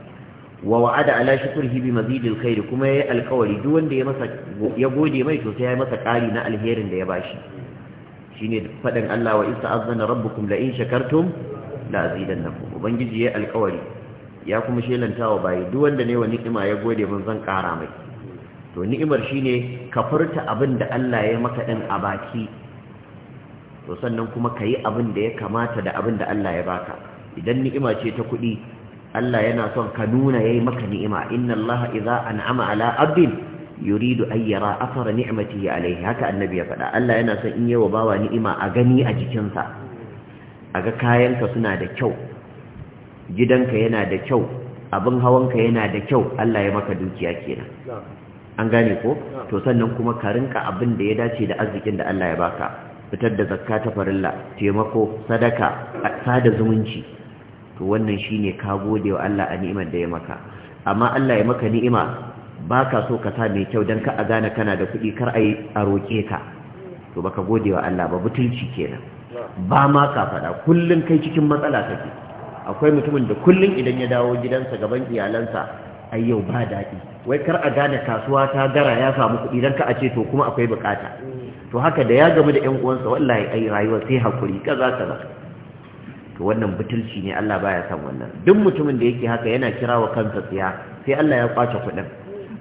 wa wa'ada ala shukrihi bi mazidil khair kuma yayi alƙawari. duk wanda ya masa ya gode mai to sai ya masa ƙari na alherin da ya bashi shine fadin Allah wa ista'azana rabbukum la in shakartum la azidannakum ubangiji yayi alkawari ya kuma shelantawa bayi duk wanda ne wa ni'ima ya gode mun zan kara mai to ni'imar shine ka furta abin da Allah ya maka dan a baki to sannan kuma kayi abin da ya kamata da abin da Allah ya baka idan ni'ima ce ta kuɗi Allah yana son ka nuna yayi maka ni'ima inna Allah idza an'ama ala abdin yuridu an yara athara ni'matihi alayhi haka annabi ya faɗa Allah yana son in yawa bawa ni'ima a gani a jikinsa ga kayanka suna da kyau gidanka yana da kyau abin hawanka yana da kyau Allah ya maka dukiya kenan an gane ko to sannan kuma ka rinka abin da ya dace da arzikin da Allah ya baka fitar da zakka ta farilla taimako sadaka sada zumunci to wannan shine ka gode wa Allah a ni'imar da ya maka amma Allah ya maka ni'ima baka so ka sa mai kyau dan ka a gane kana da kuɗi kar ai a roke ka to baka gode wa Allah ba butulci kenan ba ma ka faɗa kullun kai cikin matsala kake akwai mutumin da kullun idan ya dawo gidansa gaban iyalansa ai yau ba daɗi wai kar a gane kasuwa ta gara ya samu kuɗi dan ka a ce to kuma akwai bukata to haka da ya gamu da ƴan uwansa wallahi ai rayuwa sai hakuri kaza kaza to wannan butulci ne Allah baya son wannan duk mutumin da yake haka yana kirawa kansa tsiya sai Allah ya kwace kuɗin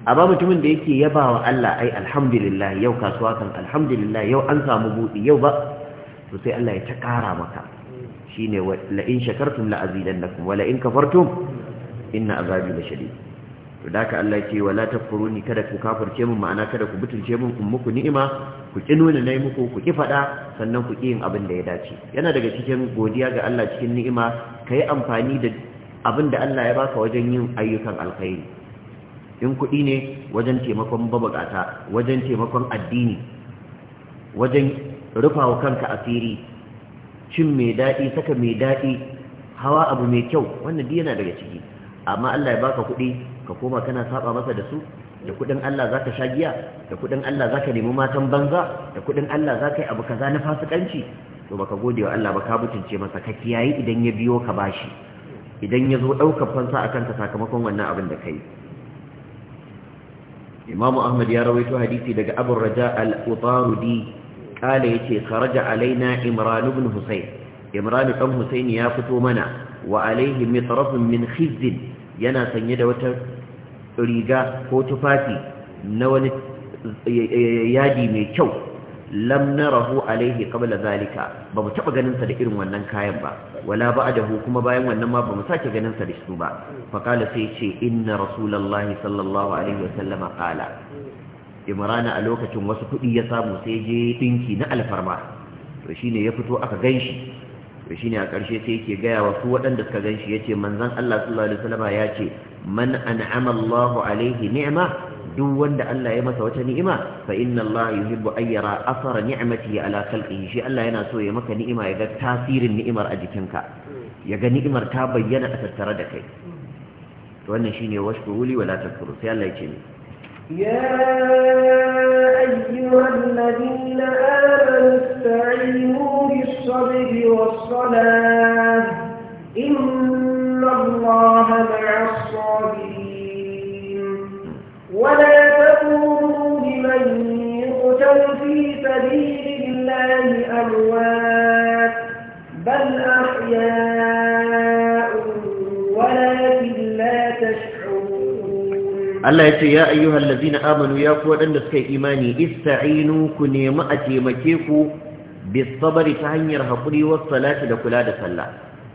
amma mutumin da yake yabawa Allah ai alhamdulillah yau kasuwa kan alhamdulillah yau an samu buɗi yau ba to sai Allah ya ta ƙara maka shine la in shakartum la azidannakum wa la in kafartum inna azabi lashadid to da ka Allah ce wala tafkuruni kada ku kafirce mun ma'ana kada ku butulce mun kun muku ni'ima ku ki nuna nayi muku ku ki fada sannan ku ki yin abin da ya dace yana daga cikin godiya ga Allah cikin ni'ima kai amfani da abin da Allah ya baka wajen yin ayyukan alkhairi in kuɗi ne wajen taimakon babagata wajen taimakon addini wajen wa kanka asiri cin mai daɗi saka mai daɗi hawa abu mai kyau wannan duk yana daga ciki amma Allah ya baka kuɗi ka koma kana saba masa da su da kudin Allah zaka sha giya da kudin Allah zaka nemi matan banza da kudin Allah zaka yi abu kaza na fasikanci to baka gode wa Allah baka butunce masa ka kiyayi idan ya biyo ka bashi idan ya zo daukar fansa akan ka sakamakon wannan abin da kai Imam Ahmad ya rawaito hadisi daga Abu Raja al-Utarudi kala yace kharaja alaina Imran ibn Husayn Imran ibn Husayn ya fito mana wa alaihi mitrafun min khizz yana sanye da wata riga ko tufafi na wani yadi mai kyau lam narahu alaihi qabla zalika ba mu taba ganin sa da irin wannan kayan ba wala dahu, kuma bayan wannan ma ba mu sake ganin sa da shi ba fa sai ce inna rasulullahi sallallahu alaihi wasallama qala imrana a lokacin wasu kudi ya samu sai je dinki na alfarma to shine ya fito aka ganshi to shine a karshe sai yake gaya wa su waɗanda suka ganshi yace manzon Allah sallallahu alaihi wasallama ya ce man an'ama Allahu alaihi ni'ma duk wanda Allah ya masa wata ni'ima fa inna Allah yuhibbu an yara athara ni'matihi ala khalqihi shi Allah yana so ya maka ni'ima ya ga tasirin ni'imar a jikinka ya ga ni'imar ta bayyana a tattare da kai to wannan shine washkuru li wala takfuru sai Allah ya ce ya ayyuhalladhina amanu ista'inu bis-sabri was-salah إن الله مع الصابرين ولا تكونوا لمن يقتل في سبيل الله أموات بل أحياء ولكن لا تشعرون الله يقول يا أيها الذين آمنوا يا قوة أنسك إيماني استعينوا كنيم أتيمكيكو بالصبر تهنير يرهقني والصلاة لكلا دسلا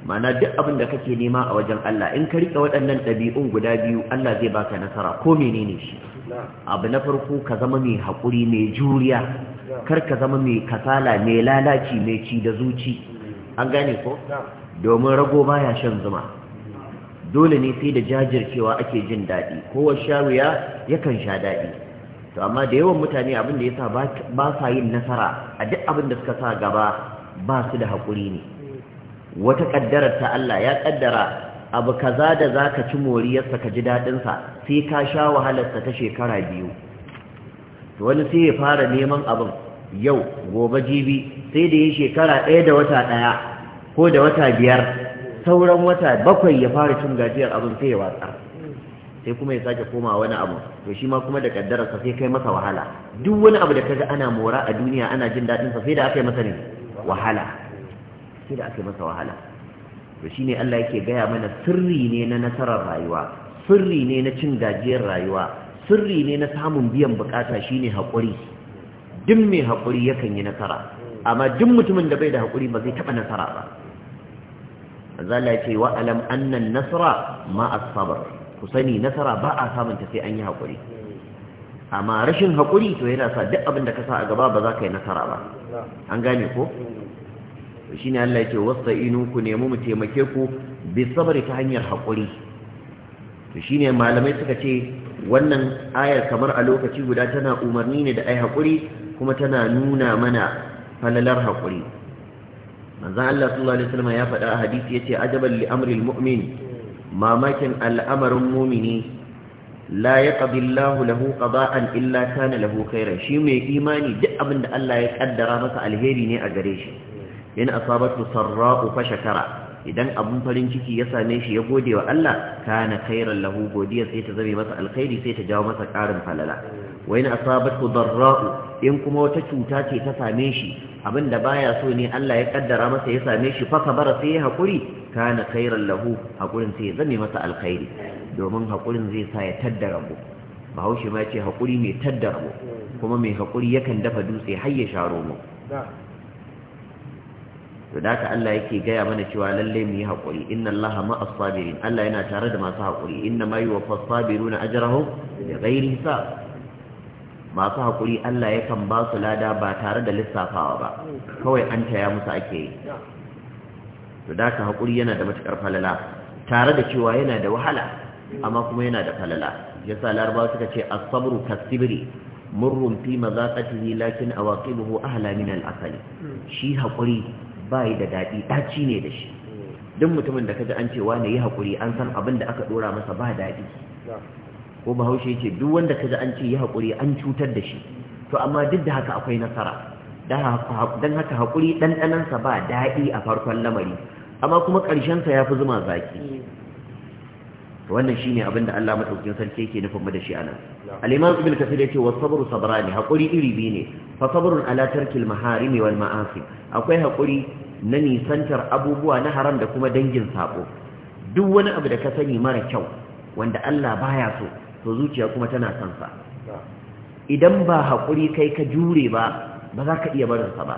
mana duk abin da kake nema a wajen Allah in ka rike waɗannan ɗabi'un guda biyu Allah zai baka nasara ko menene shi abu na farko ka zama mai haƙuri mai juriya kar ka zama mai kasala mai lalaci mai ci da zuci an gane ko domin rago baya shan zuma dole ne sai da jajircewa ake jin daɗi kowa shawiya yakan sha daɗi to amma da yawan mutane abin da yasa ba sa yin nasara a duk abin da suka sa gaba ba su da haƙuri ne wata ƙaddarar ta Allah ya ƙaddara abu kaza da zaka ka ci moriyarsa ka ji sa sai ka sha wahalarsa ta shekara biyu wani sai ya fara neman abin yau gobe jibi sai da ya shekara ɗaya da wata ɗaya ko da wata biyar sauran wata bakwai ya fara cin gajiyar abin sai ya watsa sai kuma ya sake koma wani abu to shi ma kuma da sa sai kai masa wahala duk wani abu da kaga ana mora a duniya ana jin daɗinsa sai da aka yi masa ne wahala sai da aka masa wahala to shine Allah yake gaya mana sirri ne na nasarar rayuwa sirri ne na cin gajiyar rayuwa sirri ne na samun biyan bukata shine haƙuri duk mai haƙuri yakan yi nasara amma duk mutumin da bai da haƙuri ba zai taɓa nasara ba zala ce wa alam annan nasara ma asabar ku sani nasara ba a samun ta sai an yi haƙuri amma rashin haƙuri to yana sa duk abin da ka sa a gaba ba za ka yi nasara ba an gane ko to ne Allah yake wasta'inu inunku nemi mu taimake ku bi sabri ta hanyar hakuri to ne malamai suka ce wannan ayar kamar a lokaci guda tana umarni ne da ai hakuri kuma tana nuna mana falalar hakuri manzo Allah sallallahu alaihi wasallam ya faɗa a hadisi ya ajaban li amril mu'min mamakin al'amarin mumini la ya ƙabillahu lahu ƙaba'an illa kana lahu khairan shi mai imani duk abin da Allah ya ƙaddara masa alheri ne a gare shi in asabatu sarra'u fa shakara idan abun farin ciki ya same shi ya gode wa Allah kana khairan lahu godiya sai ta zame masa alkhairi sai ta jawo masa karin falala wa in asabatu darra'u in kuma wata cuta ce ta same shi abinda baya so ne Allah ya kaddara masa ya same shi fa sabara sai ya hakuri kana khairan lahu hakurin sai ya zame masa alkhairi domin hakurin zai sa ya taddara mu bahaushe ma ce hakuri mai taddara mu kuma mai hakuri yakan dafa dutse har ya sharo mu to da ka Allah yake gaya mana cewa lalle mu yi haƙuri inna ma as-sabirin Allah yana tare da masu haƙuri inna ma yuwaffa as-sabiruna ajrahum bi ghairi hisab masu haƙuri Allah yakan ba su lada ba tare da lissafawa ba kawai an taya musu ake yi to da ka haƙuri yana da matukar falala tare da cewa yana da wahala amma kuma yana da falala yasa larabawa suka ce as-sabru kasibri murrun fi mazaqatihi lakin awaqibuhu ahla min al-asali shi haƙuri ba yi da daɗi ɗaci ne da shi duk mutumin da kaji an cewa ne yi haƙuri an san abin da aka ɗora masa ba daɗi ko bahaushe ce duk wanda kaji an ce yi haƙuri an cutar da shi to amma duk da haka akwai nasara don haka haƙuri ɗanɗanansa ba daɗi a farkon lamari amma kuma ƙarshensa ya fi zuma zaki wannan shine abin da Allah madaukakin sarki yake nufin mu da shi anan al-imam ibn kathir yace wa sabru sabrani hakuri iri bi ne fa sabrun ala tarkil maharim wal ma'asi akwai hakuri na nisantar abubuwa na haram da kuma dangin saƙo. duk wani abu da ka sani mara kyau wanda Allah baya so to zuciya kuma tana son sa idan ba hakuri kai ka jure ba ba za ka iya barin sa ba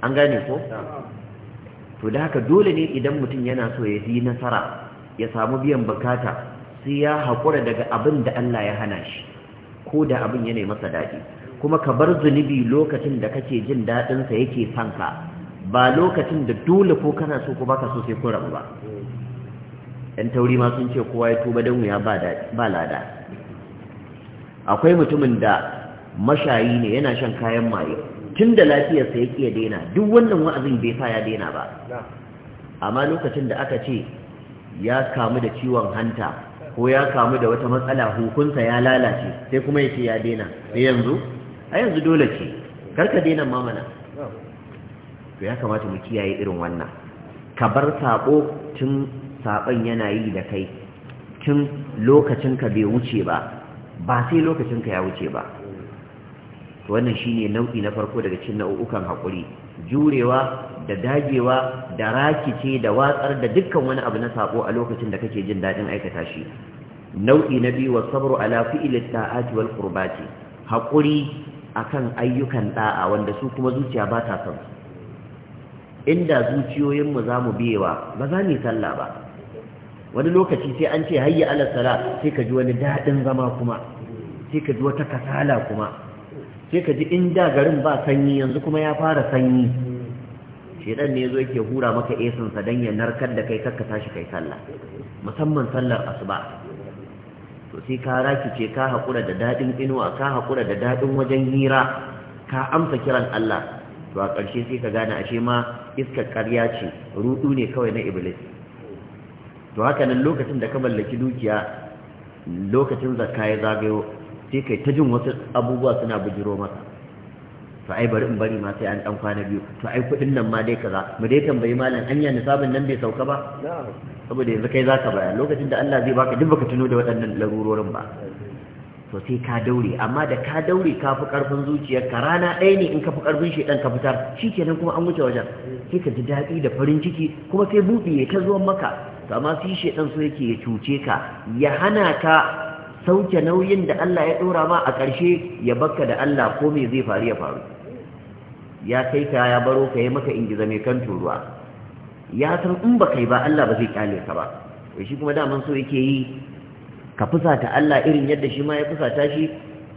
an gane ko to da haka dole ne idan mutum yana so ya yi nasara ya samu biyan bukata sai ya haƙura daga abin da Allah ya hana shi ko da abin ya masa daɗi kuma ka bar zunubi lokacin da kake jin daɗinsa yake son ka ba lokacin da dole ko kana so ko baka so sai rabu ba ɗan tauri ma sun ce kowa ya tuba don wuya ba lada akwai mutumin da mashayi ne yana shan kayan maye tun da lafiyarsa ya daina duk wannan wa'azin bai sa ya daina ba amma lokacin da aka ce ya kamu da ciwon hanta ko ya kamu da wata matsala hukunsa ya lalace sai kuma ya ce ya daina sai yanzu a yanzu dole ce karka daina mamana to ya kamata mu kiyaye irin wannan ka bar sabo tun saban yana yi da kai tun lokacin ka bai wuce ba ba sai lokacin ka ya wuce ba to wannan shine nau'i na farko daga cikin nau'ukan hakuri jurewa da dagewa da rakice da watsar da dukkan wani abu na sako a lokacin da kake jin daɗin aikata shi nau'i na biyu wa sabru ala fi'li ta'ati wal qurbati hakuri akan ayyukan da'a wanda su kuma zuciya ba ta son inda zuciyoyin mu zamu biyewa ba za mu sallah ba wani lokaci sai an ce hayya ala sala sai ka ji wani daɗin zama kuma sai ka ji wata kasala kuma sai ka ji in da garin ba sanyi yanzu kuma ya fara sanyi shedan ne yazo yake hura maka esin sa dan ya narkar da kai kakka tashi kai sallah musamman sallar asuba to sai ka raki ce ka hakura da dadin inuwa ka hakura da dadin wajen hira ka amsa kiran Allah to a ƙarshe sai ka gane ashe ma iskar ƙarya ce rudu ne kawai na iblis to haka nan lokacin da ka mallaki dukiya lokacin zakka ya zagayo sai kai ta jin wasu abubuwa suna bujiro maka to ai bari in bari ma sai an dan kwana biyu to ai kudin nan ma dai kaza mu dai tambayi malam anya nisabin nan bai sauka ba saboda yanzu kai zaka baya lokacin da Allah zai baka duk baka tuno da waɗannan larurorin ba to sai ka daure amma da ka daure ka fi karfin ka rana ɗaya ne in ka fi karfin shi ɗan ka fitar shikenan kuma an wuce wajen sai ka ji daɗi da farin ciki kuma sai buɗe ya ta zuwan maka to amma sai shi ɗan so yake ya cuce ka ya hana ka sauke nauyin da Allah ya ɗora ma a ƙarshe ya bakka da Allah ko me zai faru ya faru ya kai ka ya baro ka yi maka ingiza mai kan turuwa ya san in ba kai ba Allah ba zai kyale ka ba to shi kuma daman so yake yi ka fusata Allah irin yadda shi ma ya fusata shi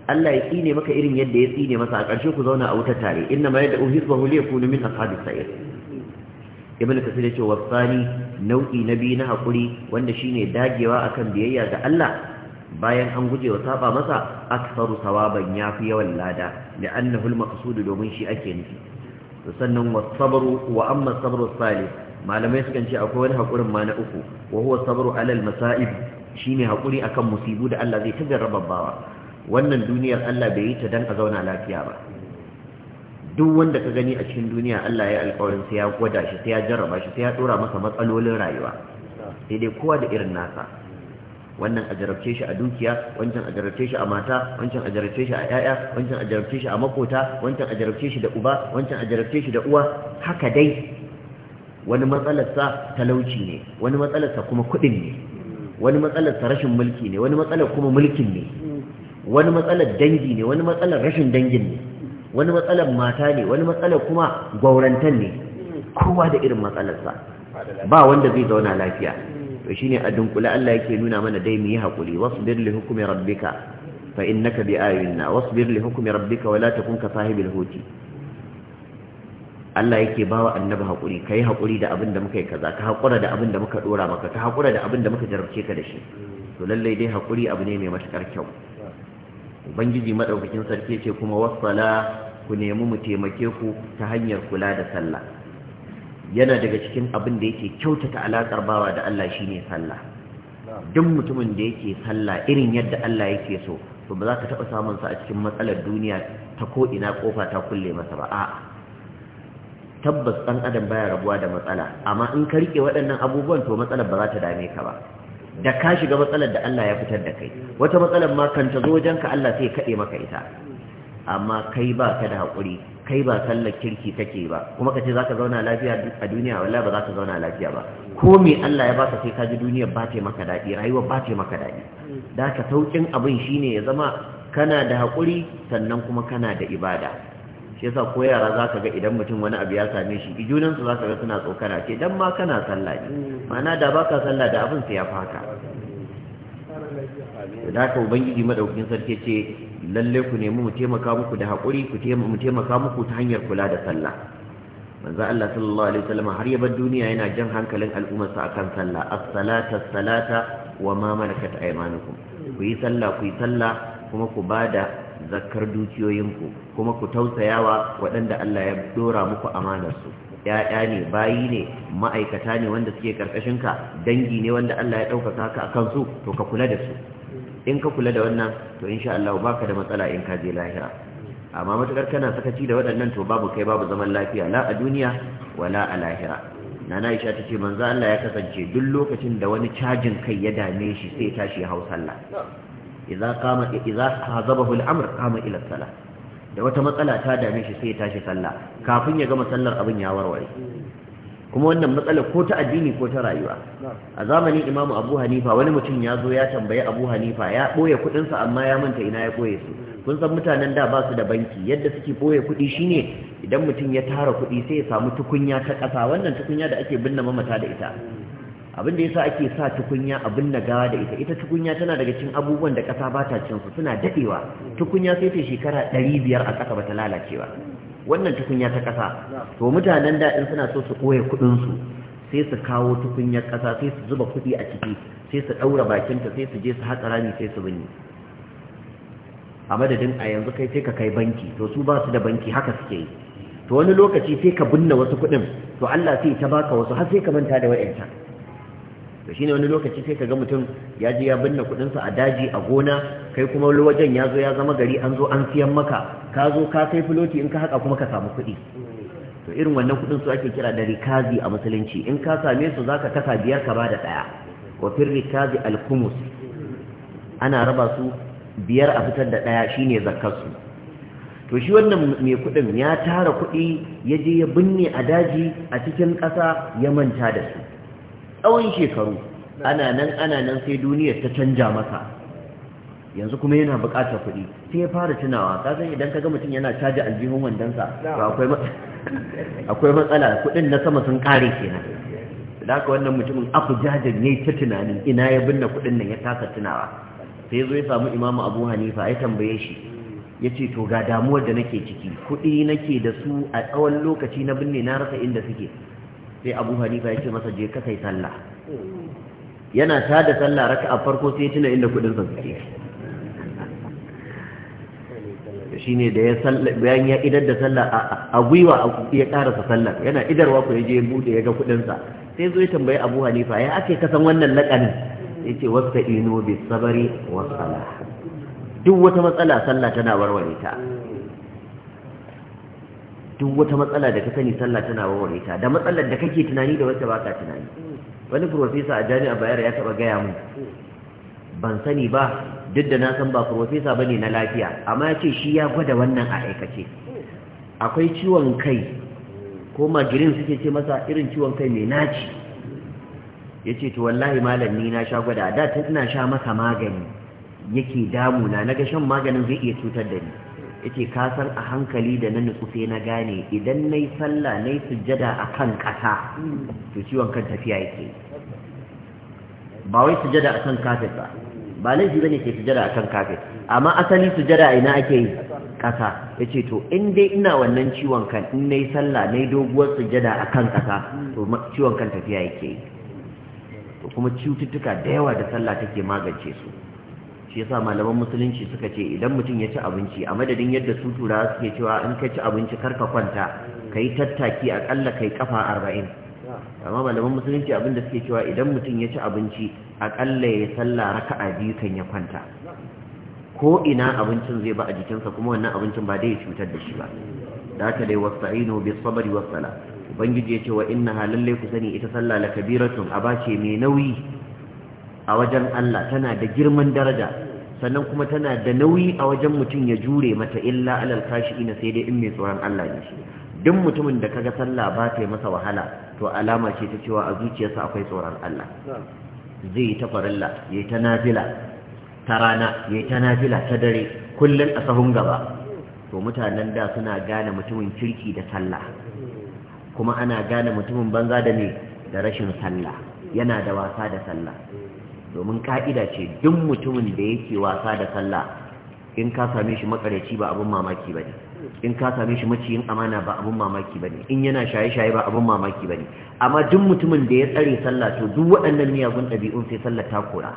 Allah ya tsine maka irin yadda ya tsine masa a ƙarshe ku zauna a wuta tare inna ma yadda uhibbahu li yakunu min ashabis sa'ir ibn kasir ya ce wasani nau'i na biyu na haƙuri wanda shine dagewa akan biyayya ga Allah bayan an guje wa saba masa aksaru sawaban yafi yawan lada da annahul maqsudu domin shi ake nufi to sannan wasabru wa amma sabru salih malamai sukan ce akwai wani hakurin ma na uku wa huwa sabru alal masa'ib shine hakuri akan musibu da Allah zai tagarraba bawa wannan duniyar Allah bai yi ta dan a zauna lafiya ba duk wanda ka gani a cikin duniya Allah ya alƙawarin sai ya gwada shi sai ya jarraba shi sai ya dora masa matsalolin rayuwa sai dai kowa da irin nasa wannan a jarabce shi a dukiya wancan a jarabce shi a mata wancan a jarabce shi a yaya wancan a jarabce shi a makota wancan a jarabce shi da uba wancan a jarabce shi da uwa haka dai wani matsalarsa talauci ne wani matsalarsa kuma kuɗin ne wani matsalarsa rashin mulki ne wani matsalar kuma mulkin ne wani matsalar dangi ne wani matsalar rashin dangin ne wani matsalar mata ne wani matsalar kuma gwaurantar ne kowa da irin matsalarsa ba wanda zai zauna lafiya to shine a dunkula Allah yake nuna mana dai mu yi hakuri wasbir li hukmi rabbika fa innaka bi ayunna wasbir li hukmi rabbika wala takun ka sahibil huti Allah yake bawa annabi hakuri kai hakuri da abin da muka yi kaza ka hakura da abin da muka dora maka ka hakura da abin da muka jarabce ka da shi to lallai dai hakuri abu ne mai matakar kyau ubangiji madaukakin sarki ce kuma wasala ku nemi mu taimake ku ta hanyar kula da sallah yana daga cikin abin da yake kyautata alaƙar bawa da Allah shine sallah duk mutumin da yake sallah irin yadda Allah yake so to ba za ka taɓa samun sa a cikin matsalar duniya ta ko ina kofa ta kulle masa ba a'a tabbas ɗan adam baya rabuwa da matsala amma in ka rike waɗannan abubuwan to matsalar ba za ta dame ka ba da ka shiga matsalar da Allah ya fitar da kai wata matsalar ma kan ta zo wajenka Allah sai ya kaɗe maka ita amma kai ba ka da haƙuri kai ba sallar kirki take ba kuma kace zaka zauna lafiya a duniya wallahi ba zaka zauna lafiya ba ko me Allah ya baka sai ka ji duniya ba ta maka dadi rayuwa ba ta maka dadi da ka saukin abin shine ya zama kana da hakuri sannan kuma kana da ibada shi yasa ko yara zaka ga idan mutum wani abu ya same shi ijunan su zaka ga suna tsokana ce dan ma kana sallah ne ma'ana da baka sallah da abin sai ya faka da ka ubangiji madaukin sarki ce lalle ku nemi mu taimaka muku da haƙuri ku mu taimaka muku ta hanyar kula da sallah manzo Allah sallallahu alaihi wasallam har ya bar duniya yana jan hankalin al'ummarsa akan sallah as-salata as-salata wa ma malakat aymanukum ku yi sallah ku yi sallah kuma ku bada zakkar dukiyoyinku kuma ku tausayawa waɗanda Allah ya dora muku amanarsu ‘ya'ya ne bayi ne ma'aikata ne wanda suke ka dangi ne wanda Allah ya ɗaukaka ka a kansu to ka kula da su in ka kula da wannan to insha Allah baka da matsala in ka je lahira amma matakar kana sakaci da waɗannan to babu kai babu zaman lafiya la a duniya wala a lahira nana Aisha ce manzo Allah ya kasance duk lokacin da wani cajin kai ya dame shi sai tashi hau sallah idza qama idza hazabahu al-amr qama ila salah da wata matsala ta dame shi sai tashi sallah kafin ya gama sallar abin ya warware kuma wannan matsalar ko ta addini ko ta rayuwa a zamanin imamu abu hanifa wani mutum ya zo ya tambayi abu hanifa ya ɓoye kudinsa amma ya manta ina ya ɓoye su kun san mutanen da ba su da banki yadda suke ɓoye kuɗi shine idan mutum ya tara kudi sai ya samu tukunya ta ƙasa wannan tukunya da ake binne mamata da ita abin da yasa ake sa tukunya a binne gawa da ita ita tukunya tana daga cikin abubuwan da ƙasa ba ta cin su suna daɗewa tukunya sai ta shekara ɗari biyar a ƙasa ba ta lalacewa wannan tukunya ta ƙasa to mutanen da in suna so su koya kuɗinsu sai su kawo tukunyar ƙasa sai su zuba kuɗi a ciki sai su ɗaura bakinta sai su je su haƙa rami sai su binne a madadin a yanzu kai sai ka kai banki to su ba su da banki haka suke yi to wani lokaci sai ka binne wasu kuɗin to Allah sai ta baka wasu har sai ka manta da wa'yancan to shine wani lokaci sai ga mutum ya je ya binne kuɗinsa a daji a gona kai kuma wajen ya zo ya zama gari an zo an siyan maka ka zo ka kai filoti in ka haka kuma ka samu kuɗi to irin wannan kuɗin su ake kira da rikazi a musulunci in ka same su zaka kasa biyar ka bada daya wa fir rikazi al-kumus ana raba su biyar a fitar da ɗaya shine zakkar to shi wannan mai kuɗin ya tara kuɗi ya je ya binne a daji a cikin ƙasa ya manta da su tsawon shekaru ana nan ana nan sai duniyar ta canja masa yanzu kuma yana buƙatar kuɗi sai ya fara tunawa ka san idan ka ga mutum yana caji aljihun wandonsa akwai matsala kuɗin na sama sun ƙare kenan da haka wannan mutumin aku jajin ne ta tunanin ina ya binne kuɗin nan ya tasa tunawa sai zo ya samu imamu abu hanifa ya tambaye shi ya ce to ga damuwar da nake ciki kuɗi nake da su a tsawon lokaci na binne na rasa inda suke sai abu hanifa ya ce masa je kasai sallah yana ta da sallah raka a farko sai ya tuna inda kudin sa suke shi ne da ya bayan ya idar da sallah a gwiwa ya karasa sallah yana idarwa ku ya je bude ya ga kudin sa sai zo ya tambayi abu hanifa ya ake kasan wannan lakanin ya ce wasta ino bi sabari duk wata matsala sallah tana warware ta duk wata matsala da ka sani sallah tana warware ta da matsalar da kake tunani da wacce baka tunani wani profesa a jami'a bayar ya taba gaya mun ban sani ba duk da na san ba profesa bane na lafiya amma ya ce shi ya gwada wannan a aikace akwai ciwon kai ko magirin suke ce masa irin ciwon kai mai naci ya ce to wallahi malam ni na sha gwada da ta ina sha masa magani yake damuna na ga shan maganin zai iya cutar da ni yace ka san a hankali da na nutsu sai na gane idan nayi sallah nayi sujjada akan ƙasa to ciwon kan tafiya yake ba wai sujjada akan kafir ba ba laifi bane ke sujjada akan kafir amma asali sujjada a ina ake yi ƙasa yace to in dai ina wannan ciwon kan in nayi sallah nayi doguwar sujjada akan ƙasa to ciwon kan tafiya yake to kuma cututtuka da yawa da sallah take magance su shi yasa malaman musulunci suka ce idan mutum ya ci abinci a madadin yadda su turawa suke cewa in ka ci abinci kar ka kwanta ka tattaki akalla kai kafa arba'in amma malaman musulunci abinda suke cewa idan mutum ya ci abinci akalla ya salla raka'a biyu kan ya kwanta ko ina abincin zai ba a jikinsa kuma wannan abincin ba dai ya cutar da shi ba da haka dai wasta'inu bis sabri was sala ubangiji ya ce wa inna halalle ku sani ita sallah la kabiratun abace mai nauyi a wajen Allah tana da girman daraja sannan kuma tana da nauyi a wajen mutum ya jure mata illa alal ina sai dai in mai tsoron Allah ne shi duk mutumin da kaga sallah ba ta yi masa wahala to alama ce ta cewa a zuciyarsa akwai tsoron Allah zai yi ta farilla yayi ta nafila ta rana yayi ta nafila ta dare kullun a sahun gaba to mutanen da suna gane mutumin kirki da sallah kuma ana gane mutumin banza da ne da rashin sallah yana da wasa da sallah domin ka'ida ce duk mutumin da yake wasa da sallah in ka same shi makareci ba abin mamaki bane in ka same shi maciyin amana ba abin mamaki bane in yana shaye-shaye ba abin mamaki bane amma duk mutumin da ya tsare sallah to duk waɗannan miyagun ɗabi'un sai sallah ta kora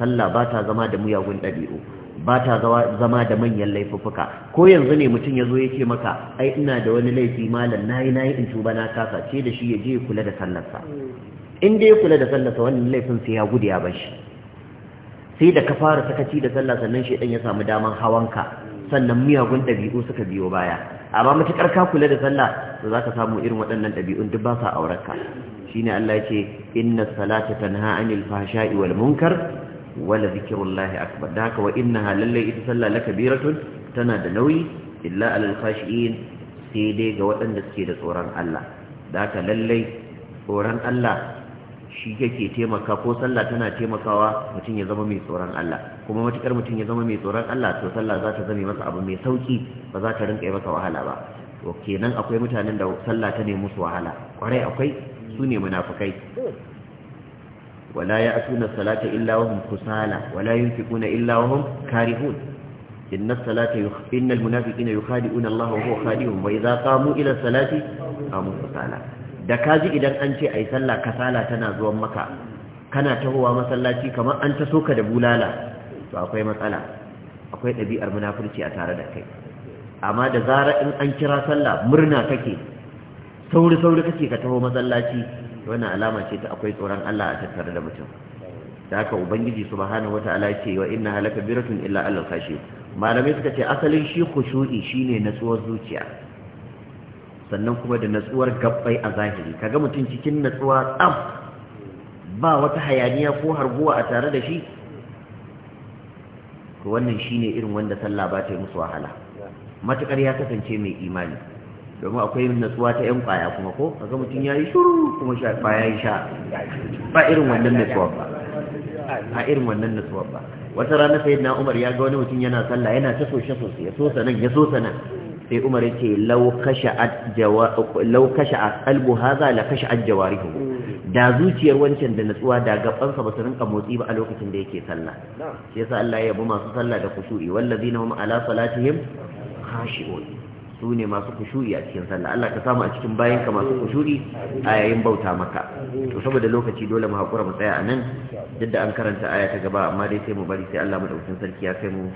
sallah ba ta zama da miyagun ɗabi'u ba ta zama da manyan laifuffuka ko yanzu ne mutum ya zo ya ce maka ai ina da wani laifi malam nayi nayi in tuba na kasa ce da shi ya je kula da sallarsa in dai kula da sallarsa wannan laifin sai ya gudu ya bar shi sai da ka fara sakaci da sallah sannan shedan ya samu daman hawanka sannan miyagun dabi'u suka biyo baya amma matakar ka kula da sallah to zaka samu irin waɗannan dabi'un duk ba sa aurarka shine Allah yake ce inna salata tanha anil fahsha'i wal munkar wala zikrullahi akbar da haka wa innaha lallai ita sallah lakabiratun tana da nauyi illa alal sai dai ga waɗanda suke da tsoron Allah da haka lallai tsoron Allah shi yake taimaka ko sallah tana taimakawa mutum ya zama mai tsoron Allah kuma matukar mutum ya zama mai tsoron Allah to sallah za ta zame masa abu mai sauki ba za ta rinka yi masa wahala ba to kenan akwai mutanen da sallah ta ne musu wahala kwarai akwai su ne munafukai wala ya'tuna salata illa wa hum kusala wala yunfiquna illa wa hum karihun inna salata innal munafiqina yukhadi'una Allah wa huwa khadi'un wa idza qamu ila salati qamu da kaji idan an ce ai sallah kasala tana zuwan maka kana tahowa masallaci kamar an taso ka da bulala to akwai matsala akwai ɗabi'ar munafurci a tare da kai amma da zara in an kira sallah murna kake sauri sauri kake ka taho masallaci wannan alama ce ta akwai tsoron Allah a tattare da mutum da haka ubangiji subhanahu wataala ya ce wa inna halaka biratun illa allal kashi malamai suka ce asalin shi khushu'i shine natsuwar zuciya sannan kuma da natsuwar gabbai a zahiri kaga mutum cikin natsuwa tsam ba wata hayaniya ko harguwa a tare da shi to wannan shine irin wanda sallah ba ta yi musu wahala matukar ya kasance mai imani domin akwai natsuwa ta yan kwaya kuma ko kaga mutum ya yi shuru kuma sha kwaya ya sha ba irin wannan natsuwa ba a irin wannan natsuwa ba wata rana sayyidina Umar ya ga wani mutum yana sallah yana ta soshe sosai ya sosa nan ya sosa nan sai umar yace law kasha'at kasha kasha'a qalbu hadha la kasha'at jawarihu mm. da zuciyar wancan da natsuwa da gabansa ba su rinka motsi ba a lokacin da yake sallah shi yasa Allah ya yabi masu sallah da kushu'i wallazina hum ala salatihim khashi'un su ne masu kushu'i a cikin sallah Allah ka samu a cikin bayan ka masu kushu'i a yayin bauta maka to saboda lokaci dole mu hakura mu tsaya anan duk da an karanta aya ta gaba amma dai sai mu bari sai Allah madaukakin sarki ya kai mu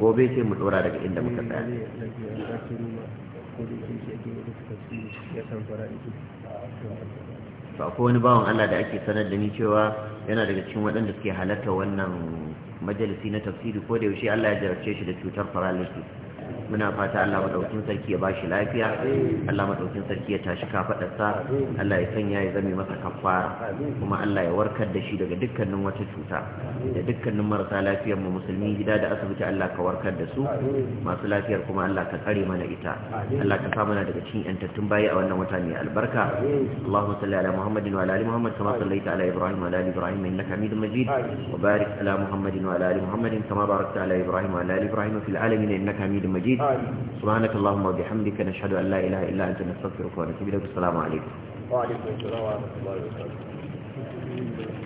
gobe sai mu dora daga inda muka tsaya to akwai wani bawan Allah da ake sanar da ni cewa yana daga cikin waɗanda suke halarta wannan majalisi na tafsiri ko da yaushe Allah ya jarabce shi da cutar paralysis muna fata Allah maɗaukin sarki ya ba shi lafiya Allah maɗaukin sarki ya tashi kafadarsa Allah ya sanya ya zame masa kafara kuma Allah ya warkar da shi daga dukkanin wata cuta da dukkanin marasa lafiyar mu musulmi gida da asibiti Allah ka warkar da su masu lafiyar kuma Allah ka tsare mana ita Allah ka sa mana daga cikin yantattun baya a wannan wata mai albarka Allahumma salli ala Muhammadin wa ala ali Muhammad kama sallaita ala Ibrahim wa ala ali Ibrahim innaka Hamidum Majid wa barik ala Muhammadin wa ala ali Muhammadin kama barakta ala Ibrahim wa ala ali Ibrahim fil alamin innaka Hamidum Majid سبحانك اللهم وبحمدك نشهد أن لا إله إلا أنت نستغفرك ونتوب إليك السلام عليكم وعليكم السلام ورحمة الله وبركاته